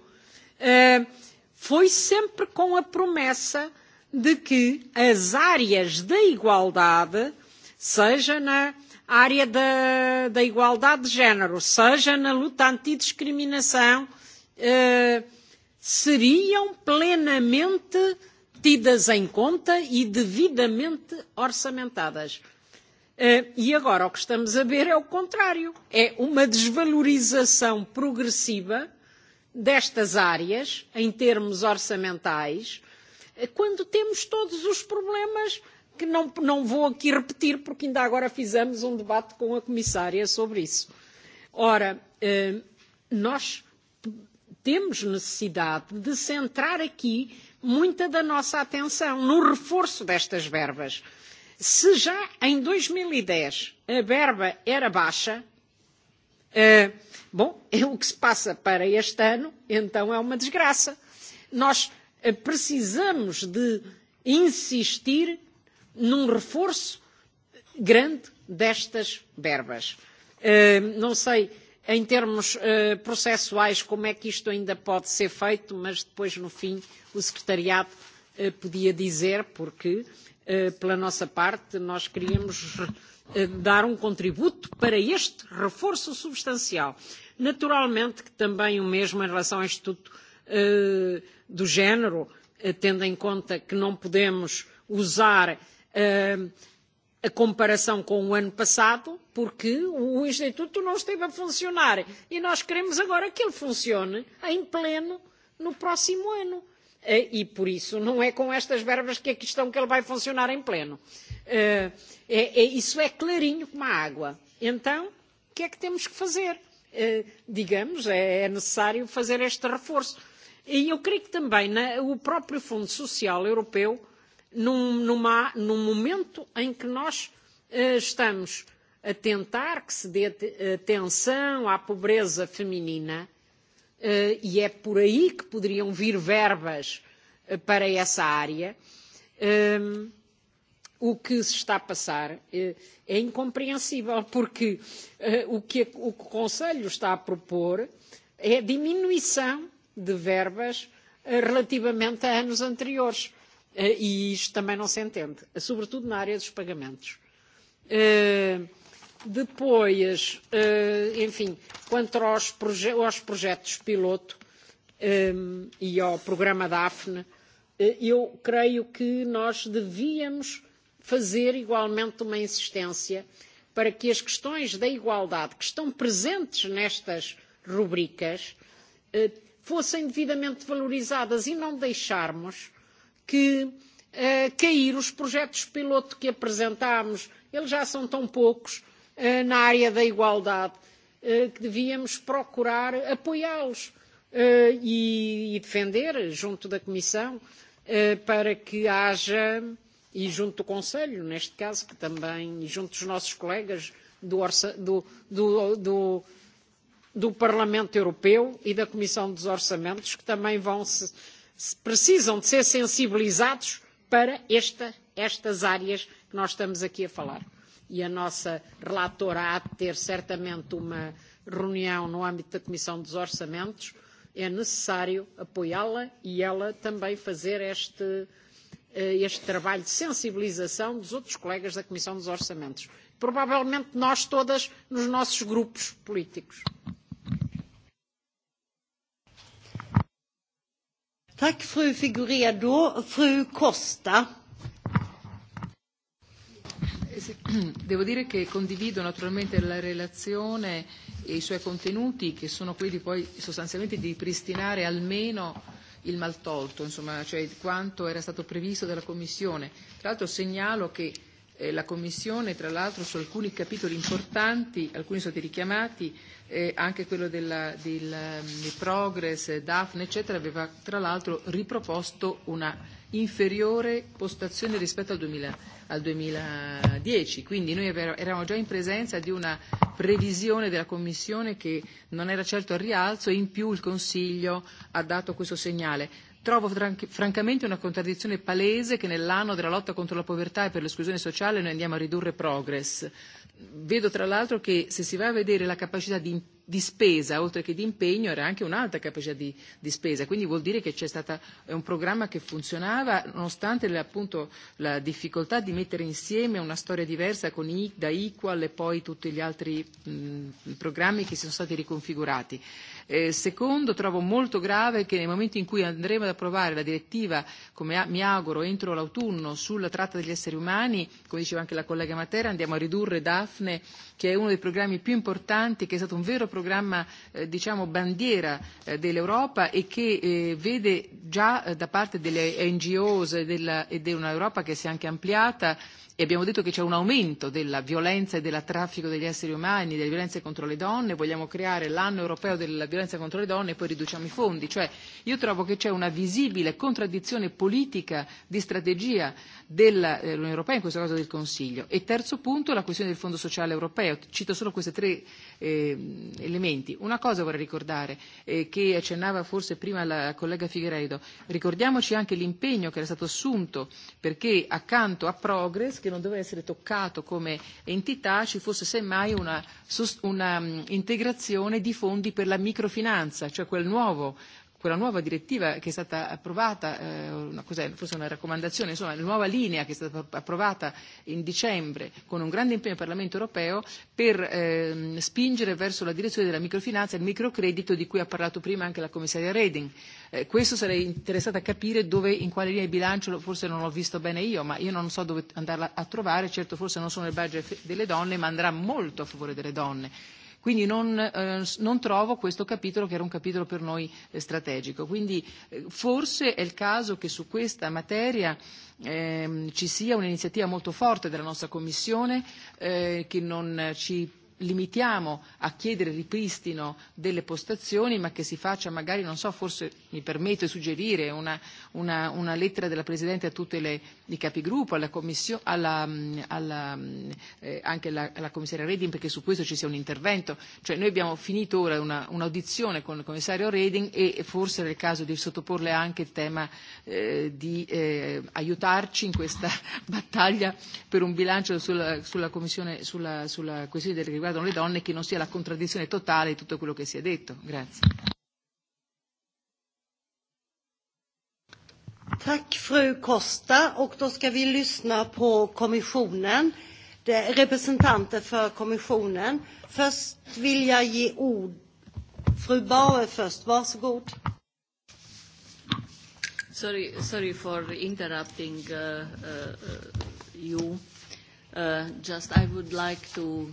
eh, foi sempre com a promessa de que as áreas da igualdade, seja na a área da, da igualdade de género, seja na luta antidiscriminação, eh, seriam plenamente tidas em conta e devidamente orçamentadas. Eh, e agora o que estamos a ver é o contrário. É uma desvalorização progressiva destas áreas, em termos orçamentais, eh, quando temos todos os problemas uh, que não, não vou aqui repetir, porque ainda agora fizemos um debate com a Comissária sobre isso. Ora, eh, nós temos necessidade de centrar aqui muita da nossa atenção no reforço destas verbas. Se já em 2010 e a verba era baixa, eh, bom, o que se passa para este ano, então é uma desgraça. Nós eh, precisamos de insistir num reforço grande destas verbas. Uh, não sei em termos uh, processuais como é que isto ainda pode ser feito, mas depois no fim o secretariado uh, podia dizer, porque uh, pela nossa parte nós queríamos uh, dar um contributo para este reforço substancial. Naturalmente que também o mesmo em relação ao Instituto uh, do Género, uh, tendo em conta que não podemos usar uh, Ehm, a comparação com o ano passado, porque o Instituto não esteve a funcionar. E nós queremos agora que ele funcione em pleno no próximo ano. Eh, e por isso não é com estas verbas que aqui estão que ele vai funcionar em pleno. Eh, é, é, isso é clarinho como a água. Então, o que é que temos que fazer? É, eh, digamos, é, é necessário fazer este reforço. E eu creio que também na, o próprio Fundo Social Europeu uh, num, numa, num momento em que nós eh, estamos a tentar que se dê atenção eh, à pobreza feminina, eh, e é por aí que poderiam vir verbas eh, para essa área, eh, o que se está a passar eh, é incompreensível, porque eh, o, que, o que o Conselho está a propor é a diminuição de verbas eh, relativamente a anos anteriores Eh, e isto também não se entende, sobretudo na área dos pagamentos. Eh, depois, eh, enfim, quanto aos, proje aos projetos piloto ehm, e ao programa DAFNE, eu creio que nós devíamos fazer igualmente uma insistência para que as questões da igualdade que estão presentes nestas rubricas fossem devidamente valorizadas e não deixarmos que uh, cair os projetos piloto que apresentámos. Eles já são tão poucos uh, na área da igualdade uh, que devíamos procurar apoiá-los uh, e, e defender junto da Comissão uh, para que haja, e junto do Conselho, neste caso, que também, e junto dos nossos colegas do, orça, do, do, do, do Parlamento Europeu e da Comissão dos Orçamentos, que também vão se precisam de ser sensibilizados para esta, estas áreas que nós estamos aqui a falar. E a nossa relatora há de ter certamente uma reunião no âmbito da Comissão dos Orçamentos. É necessário apoiá-la e ela também fazer este, eh, este trabalho de sensibilização dos outros colegas da Comissão dos Orçamentos. Provavelmente nós todas nos nossos grupos políticos. Tack fru Figuredo. Fru Costa. Devo dire che condivido naturalmente la relazione e i suoi contenuti che sono quelli poi sostanzialmente di ripristinare almeno il maltolto, insomma, cioè quanto era stato previsto dalla Commissione. Tra l'altro segnalo che Eh, la Commissione, tra l'altro, su alcuni capitoli importanti, alcuni sono stati richiamati, eh, anche quello della, del, del ehm, Progress, Daphne, eccetera, aveva tra l'altro riproposto una inferiore postazione rispetto al, 2000, al 2010. Quindi noi aveva, eravamo già in presenza di una previsione della Commissione che non era certo al rialzo e in più il Consiglio ha dato questo segnale. Trovo francamente una contraddizione palese che nell'anno della lotta contro la povertà e per l'esclusione sociale noi andiamo a ridurre progress. Vedo tra l'altro che se si va a vedere la capacità di, di spesa, oltre che di impegno, era anche un'alta capacità di, di spesa, quindi vuol dire che c'è stato un programma che funzionava nonostante appunto la difficoltà di mettere insieme una storia diversa con i, da Equal e poi tutti gli altri mh, programmi che sono stati riconfigurati. Eh, secondo, trovo molto grave che nei momenti in cui andremo ad approvare la direttiva, come a, mi auguro entro l'autunno, sulla tratta degli esseri umani, come diceva anche la collega Matera, andiamo a ridurre Daphne, che è uno dei programmi più importanti, che è stato un vero programma eh, diciamo bandiera eh, dell'Europa e che eh, vede già eh, da parte delle NGOs e, della, e di un'Europa che si è anche ampliata e abbiamo detto che c'è un aumento della violenza e del traffico degli esseri umani, delle violenze contro le donne, vogliamo creare l'anno europeo della violenza contro le donne e poi riduciamo i fondi. Cioè io trovo che c'è una visibile contraddizione politica di strategia eh, dell'Unione Europea, in questo caso del Consiglio. E terzo punto, la questione del Fondo Sociale Europeo. Cito solo queste tre eh, elementi. Una cosa vorrei ricordare, eh, che accennava forse prima la collega Figueiredo, ricordiamoci anche l'impegno che era stato assunto perché accanto a Progress, che non doveva essere toccato come entità, ci fosse semmai una, una um, integrazione di fondi per la microfinanza, cioè quel nuovo quella nuova direttiva che è stata approvata, eh, una, cos'è, forse una raccomandazione, insomma, la nuova linea che è stata approvata in dicembre con un grande impegno del Parlamento europeo per ehm, spingere verso la direzione della microfinanza e il microcredito di cui ha parlato prima anche la commissaria Reding. Eh, questo sarei interessata a capire dove, in quale linea di bilancio, forse non l'ho visto bene io, ma io non so dove andarla a trovare, certo forse non sono il budget delle donne, ma andrà molto a favore delle donne Quindi non, eh, non trovo questo capitolo che era un capitolo per noi eh, strategico. Quindi eh, forse è il caso che su questa materia ehm, ci sia un'iniziativa molto forte della nostra Commissione eh, che non ci limitiamo a chiedere il ripristino delle postazioni, ma che si faccia magari, non so, forse mi permetto di suggerire una, una, una lettera della Presidente a tutti i capigruppo, alla commission, alla, mm, alla, mm, eh, anche alla, alla commissaria Reding, perché su questo ci sia un intervento. Cioè, noi abbiamo finito ora una, un'audizione con il commissario Reding e forse era il caso di sottoporle anche il tema eh, di eh, aiutarci in questa battaglia per un bilancio sulla, sulla, commissione, sulla, sulla questione del riguardano le donne che non sia la contraddizione totale di tutto quello che si è detto. Grazie. Tack fru Costa och då ska vi lyssna på kommissionen, det, representanter för kommissionen. Först vill jag ge ord, fru Bauer först, varsågod. Sorry, sorry for interrupting uh, uh, uh you. Uh, just I would like to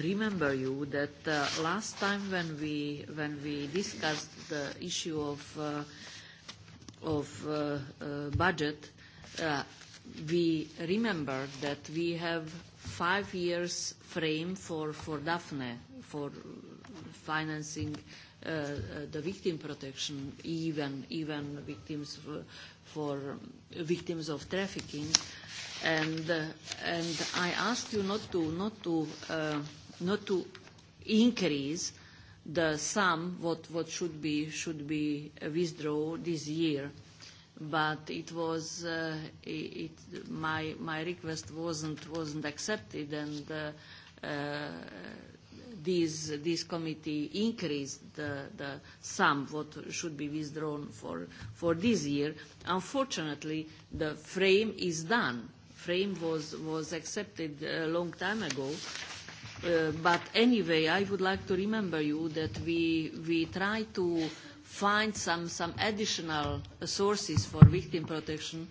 remember you that uh, last time when we when we discussed the issue of uh, of uh, uh, budget, uh, we remember that we have five years frame for for Daphne for financing uh, uh, the victim protection, even even victims for, for victims of trafficking, and uh, and I asked you not to not to. Uh, not to increase the sum what, what should be, should be withdrawn this year. But it was, uh, it, it, my, my request wasn't, wasn't accepted, and uh, uh, this, this committee increased the, the sum what should be withdrawn for, for this year. Unfortunately, the frame is done. Frame was, was accepted a long time ago, Uh, but anyway, I would like to remember you that we, we try to find some, some additional sources for victim protection.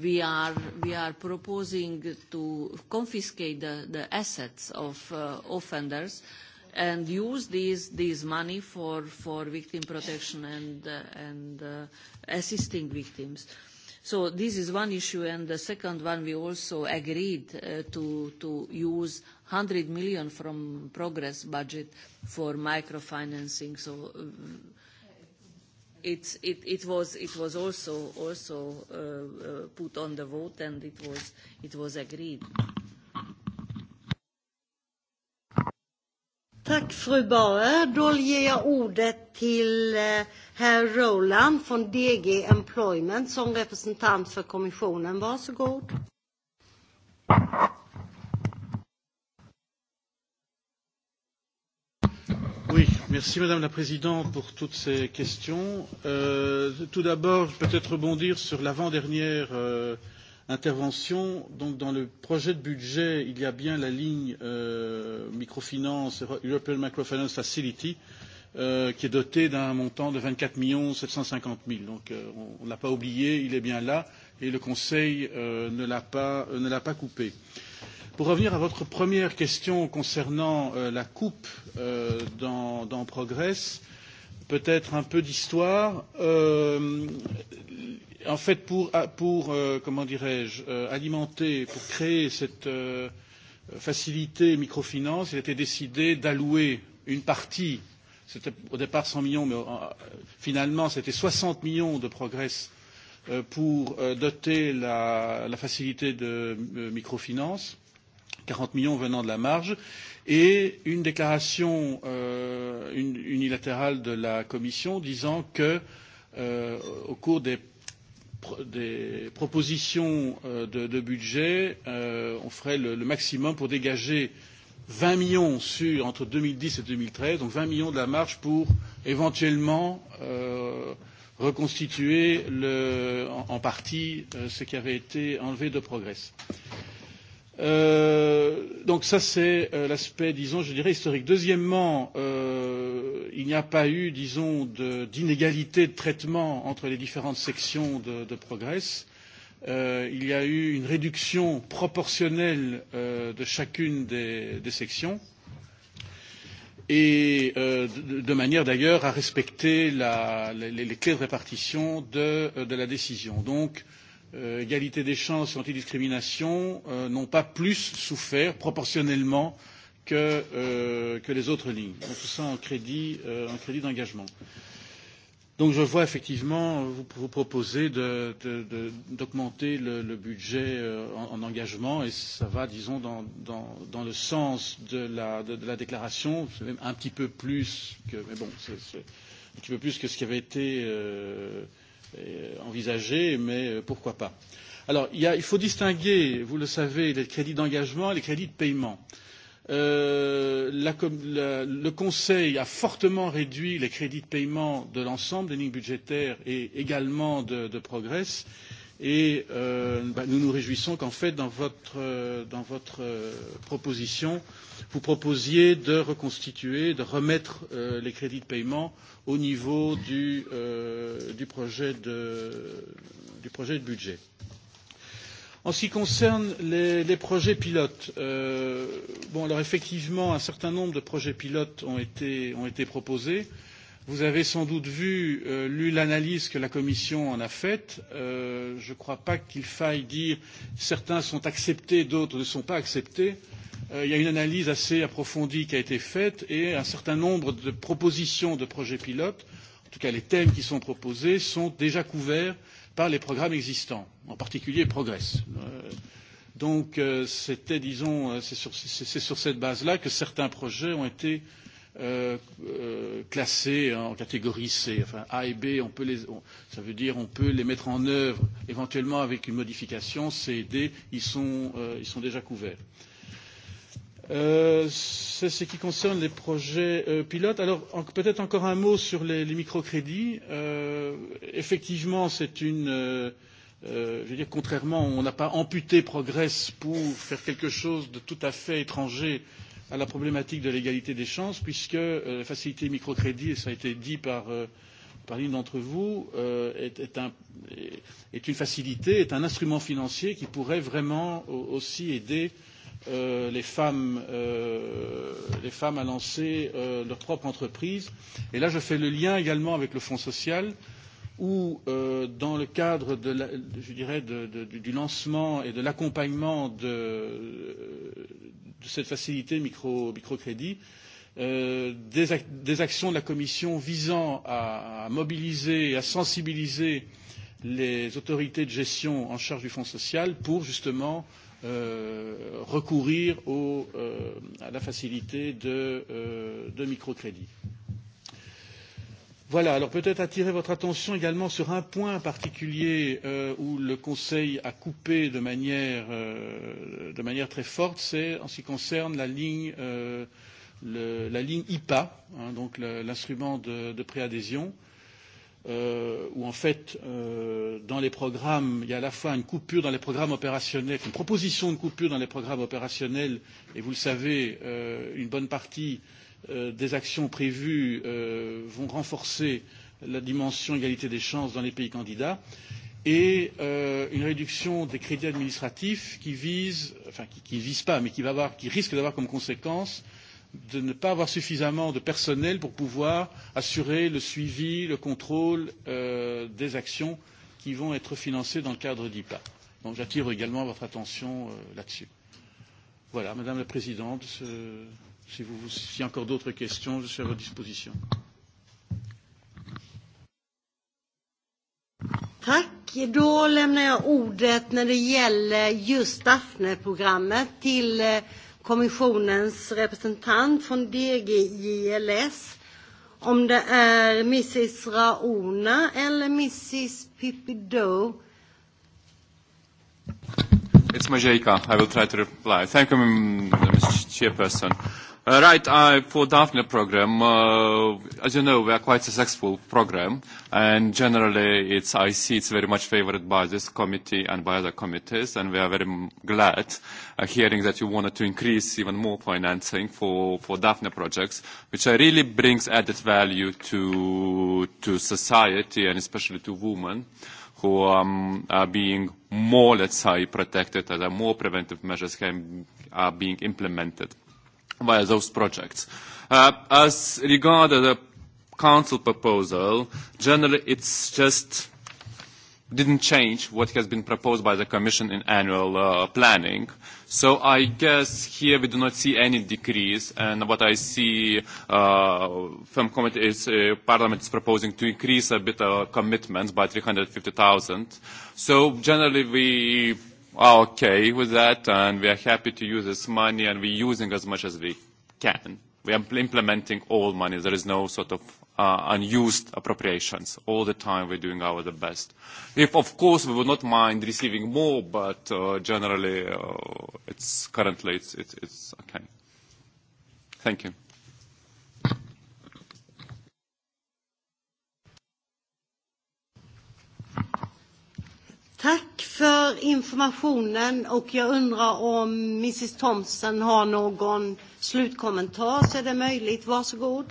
We are, we are proposing to confiscate the, the assets of uh, offenders and use these, these money for, for victim protection and, uh, and uh, assisting victims. So this is one issue, and the second one, we also agreed uh, to, to use 100 million from progress budget for microfinancing. So um, it, it, was, it was also, also uh, uh, put on the vote, and it was, it was agreed. Tack fru Bauer. Då ger jag ordet till eh, herr Roland från DG Employment som representant för kommissionen. Varsågod. Oui, merci Madame la Présidente pour toutes ces questions. Euh, tout d'abord, peut-être rebondir sur l'avant-dernière euh, intervention. Donc, dans le projet de budget, il y a bien la ligne euh, microfinance, European Microfinance Facility, euh, qui est dotée d'un montant de 24 750 000. Donc, euh, on ne l'a pas oublié, il est bien là, et le Conseil euh, ne l'a pas, euh, ne l'a pas coupé. Euh, Pour revenir à votre première question concernant euh, la coupe euh, dans, dans Progress, peut-être un peu d'histoire. Euh, en fait, pour, pour euh, comment dirais-je, euh, alimenter, pour créer cette euh, facilité microfinance, il était décidé d'allouer une partie, c'était au départ 100 millions, mais euh, finalement c'était 60 millions de progrès euh, pour euh, doter la, la facilité de euh, microfinance. Euh, 40 millions venant de la marge, et une déclaration euh, une, unilatérale de la Commission disant que, euh, au cours des, des propositions euh, de, de budget, euh, on ferait le, le maximum pour dégager 20 millions sur, entre 2010 et 2013, donc 20 millions de la marge pour éventuellement euh, reconstituer le, en, en partie euh, ce qui avait été enlevé de Progress. Euh, Euh, donc ça c'est euh, l'aspect, disons, je dirais historique. Deuxièmement, euh, il n'y a pas eu, disons, d'inégalité de, de traitement entre les différentes sections de, de Progress. Euh, il y a eu une réduction proportionnelle euh, de chacune des, des sections et euh, de, de manière d'ailleurs à respecter la, les, les clés de répartition de, de la décision. Donc euh, euh, égalité des chances et antidiscrimination euh, n'ont pas plus souffert proportionnellement que, euh, que les autres lignes. Donc tout ça en crédit, euh, en crédit d'engagement. Donc je vois effectivement, euh, vous, vous proposez d'augmenter le, le budget euh, en, en engagement et ça va, disons, dans, dans, dans le sens de la, de, de la déclaration, c'est même un petit peu plus que, mais bon, c'est un petit peu plus que ce qui avait été euh, Euh, envisagée, mais euh, pourquoi pas. Alors, il, y a, il faut distinguer, vous le savez, les crédits d'engagement et les crédits de paiement. Euh, la, la, le Conseil a fortement réduit les crédits de paiement de l'ensemble des lignes budgétaires et également de, de Progress. Euh, Et euh, bah, nous nous réjouissons qu'en fait, dans votre, euh, dans votre euh, proposition, vous proposiez de reconstituer, de remettre euh, les crédits de paiement au niveau du, euh, du, projet, de, du projet de budget. En ce qui concerne les, les projets pilotes, euh, bon, alors effectivement, un certain nombre de projets pilotes ont été, ont été proposés. Euh, Vous avez sans doute vu, euh, lu l'analyse que la Commission en a faite. Euh, je ne crois pas qu'il faille dire certains sont acceptés, d'autres ne sont pas acceptés. Euh, il y a une analyse assez approfondie qui a été faite et un certain nombre de propositions de projets pilotes, en tout cas les thèmes qui sont proposés, sont déjà couverts par les programmes existants, en particulier Progress. Euh, donc euh, c'était, disons, euh, c'est sur, c est, c est sur cette base-là que certains projets ont été euh, euh, euh classés en catégorie C, enfin A et B, on peut les, on, ça veut dire on peut les mettre en œuvre éventuellement avec une modification C et D, ils sont, euh, ils sont déjà couverts. Euh, c'est ce qui concerne les projets euh, pilotes. Alors en, peut-être encore un mot sur les, les microcrédits. Euh, effectivement, c'est une euh, euh, je veux dire, contrairement, on n'a pas amputé Progress pour faire quelque chose de tout à fait étranger euh, à la problématique de l'égalité des chances, puisque euh, la facilité microcrédit, et ça a été dit par, euh, par l'une d'entre vous, euh, est, est, un, est une facilité, est un instrument financier qui pourrait vraiment aussi aider euh, les, femmes, euh, les femmes à lancer euh, leur propre entreprise. Et là, je fais le lien également avec le Fonds social où, euh, dans le cadre de la, je dirais de, de, du lancement et de l'accompagnement de, de cette facilité micro, microcrédit, euh, des, ac des actions de la Commission visant à, à mobiliser et à sensibiliser les autorités de gestion en charge du Fonds social pour justement euh, recourir au, euh, à la facilité de, euh, de microcrédit. Euh, Voilà, alors peut-être attirer votre attention également sur un point particulier euh, où le Conseil a coupé de manière, euh, de manière très forte, c'est en ce qui concerne la ligne, euh, le, la ligne IPA, hein, donc l'instrument de, de préadhésion, euh, où en fait, euh, dans les programmes, il y a à la fois une coupure dans les programmes opérationnels, une proposition de coupure dans les programmes opérationnels, et vous le savez, euh, une bonne partie euh, euh, des actions prévues euh, vont renforcer la dimension égalité des chances dans les pays candidats et euh, une réduction des crédits administratifs qui vise enfin qui ne vise pas mais qui, va avoir, qui risque d'avoir comme conséquence de ne pas avoir suffisamment de personnel pour pouvoir assurer le suivi, le contrôle euh, des actions qui vont être financées dans le cadre d'IPA. Donc j'attire également votre attention euh, là-dessus. Voilà, Madame la Présidente, euh, Si vous si encore d'autres questions, je suis à votre disposition. Tack. Då lämnar jag ordet när det gäller just Daphne-programmet till eh, kommissionens representant från DG JLS. Om det är Mrs Raona eller Mrs Pipido. It's Majeika. I will try to reply. Thank you, Mr. Chairperson. Uh, right, uh, for Daphne program, uh, as you know, we are quite successful program, and generally it's IC, it's very much favored by this committee and by other committees, and we are very glad uh, hearing that you wanted to increase even more financing for, for Daphne projects, which uh, really brings added value to, to society and especially to women who um, are being more, let's say, protected and more preventive measures can, are being implemented via those projects. Uh, as regard the council proposal, generally it's just didn't change what has been proposed by the Commission in annual uh, planning. So I guess here we do not see any decrease, and what I see uh, from committee is uh, Parliament is proposing to increase a bit our commitments by 350,000. So generally we are ah, okay with that, and we are happy to use this money, and we're using as much as we can. We are implementing all money. There is no sort of uh, unused appropriations. All the time, we're doing our the best. If, of course, we would not mind receiving more, but uh, generally, uh, it's currently, it's, it's, it's okay. Thank you. Tack för informationen och jag undrar om Mrs Thompson har någon slutkommentar så är det möjligt. Varsågod.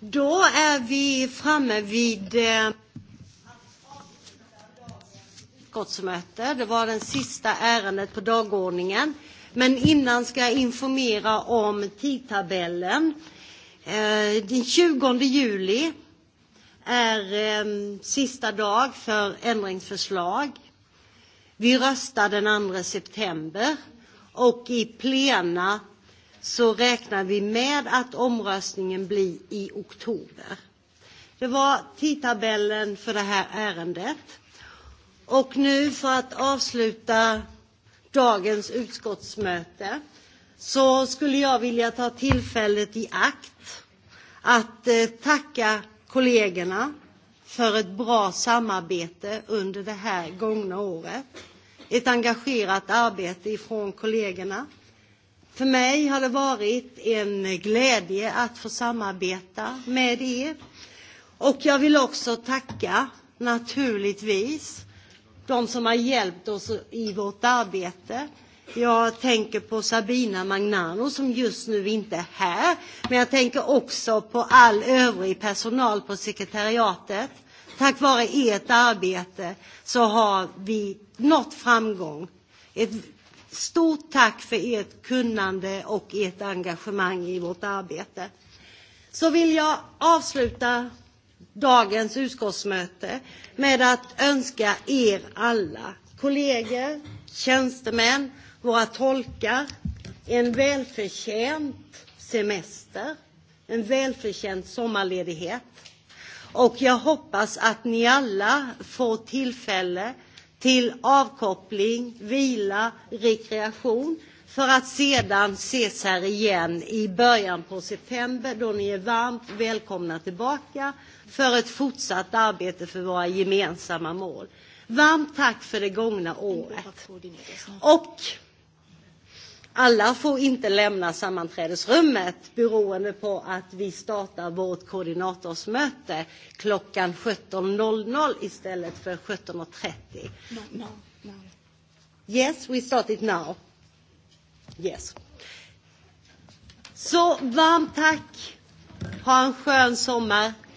Då är vi framme vid eh, utskottsmöte. Det var det sista ärendet på dagordningen. Men innan ska jag informera om tidtabellen. Eh, Eh, den 20 juli är ehm, sista dag för ändringsförslag. Vi röstar den 2 september och i plena så räknar vi med att omröstningen blir i oktober. Det var tidtabellen för det här ärendet. Och nu för att avsluta dagens utskottsmöte så skulle jag vilja ta tillfället i akt att eh, tacka kollegorna för ett bra samarbete under det här gångna året. Ett engagerat arbete ifrån kollegorna. För mig har det varit en glädje att få samarbeta med er. Och jag vill också tacka naturligtvis de som har hjälpt oss i vårt arbete Jag tänker på Sabina Magnano som just nu inte är här. Men jag tänker också på all övrig personal på sekretariatet. Tack vare ert arbete så har vi nått framgång. Ett stort tack för ert kunnande och ert engagemang i vårt arbete. Så vill jag avsluta dagens utskottsmöte med att önska er alla, kollegor, tjänstemän, våra tolkar, en välförtjänt semester, en välförtjänt sommarledighet. Och jag hoppas att ni alla får tillfälle till avkoppling, vila, rekreation för att sedan ses här igen i början på september då ni är varmt välkomna tillbaka för ett fortsatt arbete för våra gemensamma mål. Varmt tack för det gångna året. Och alla får inte lämna sammanträdesrummet beroende på att vi startar vårt koordinatorsmöte klockan 17.00 istället för 17.30. No, no, no. Yes, we start it now. Yes. Så varmt tack. Ha en skön sommar.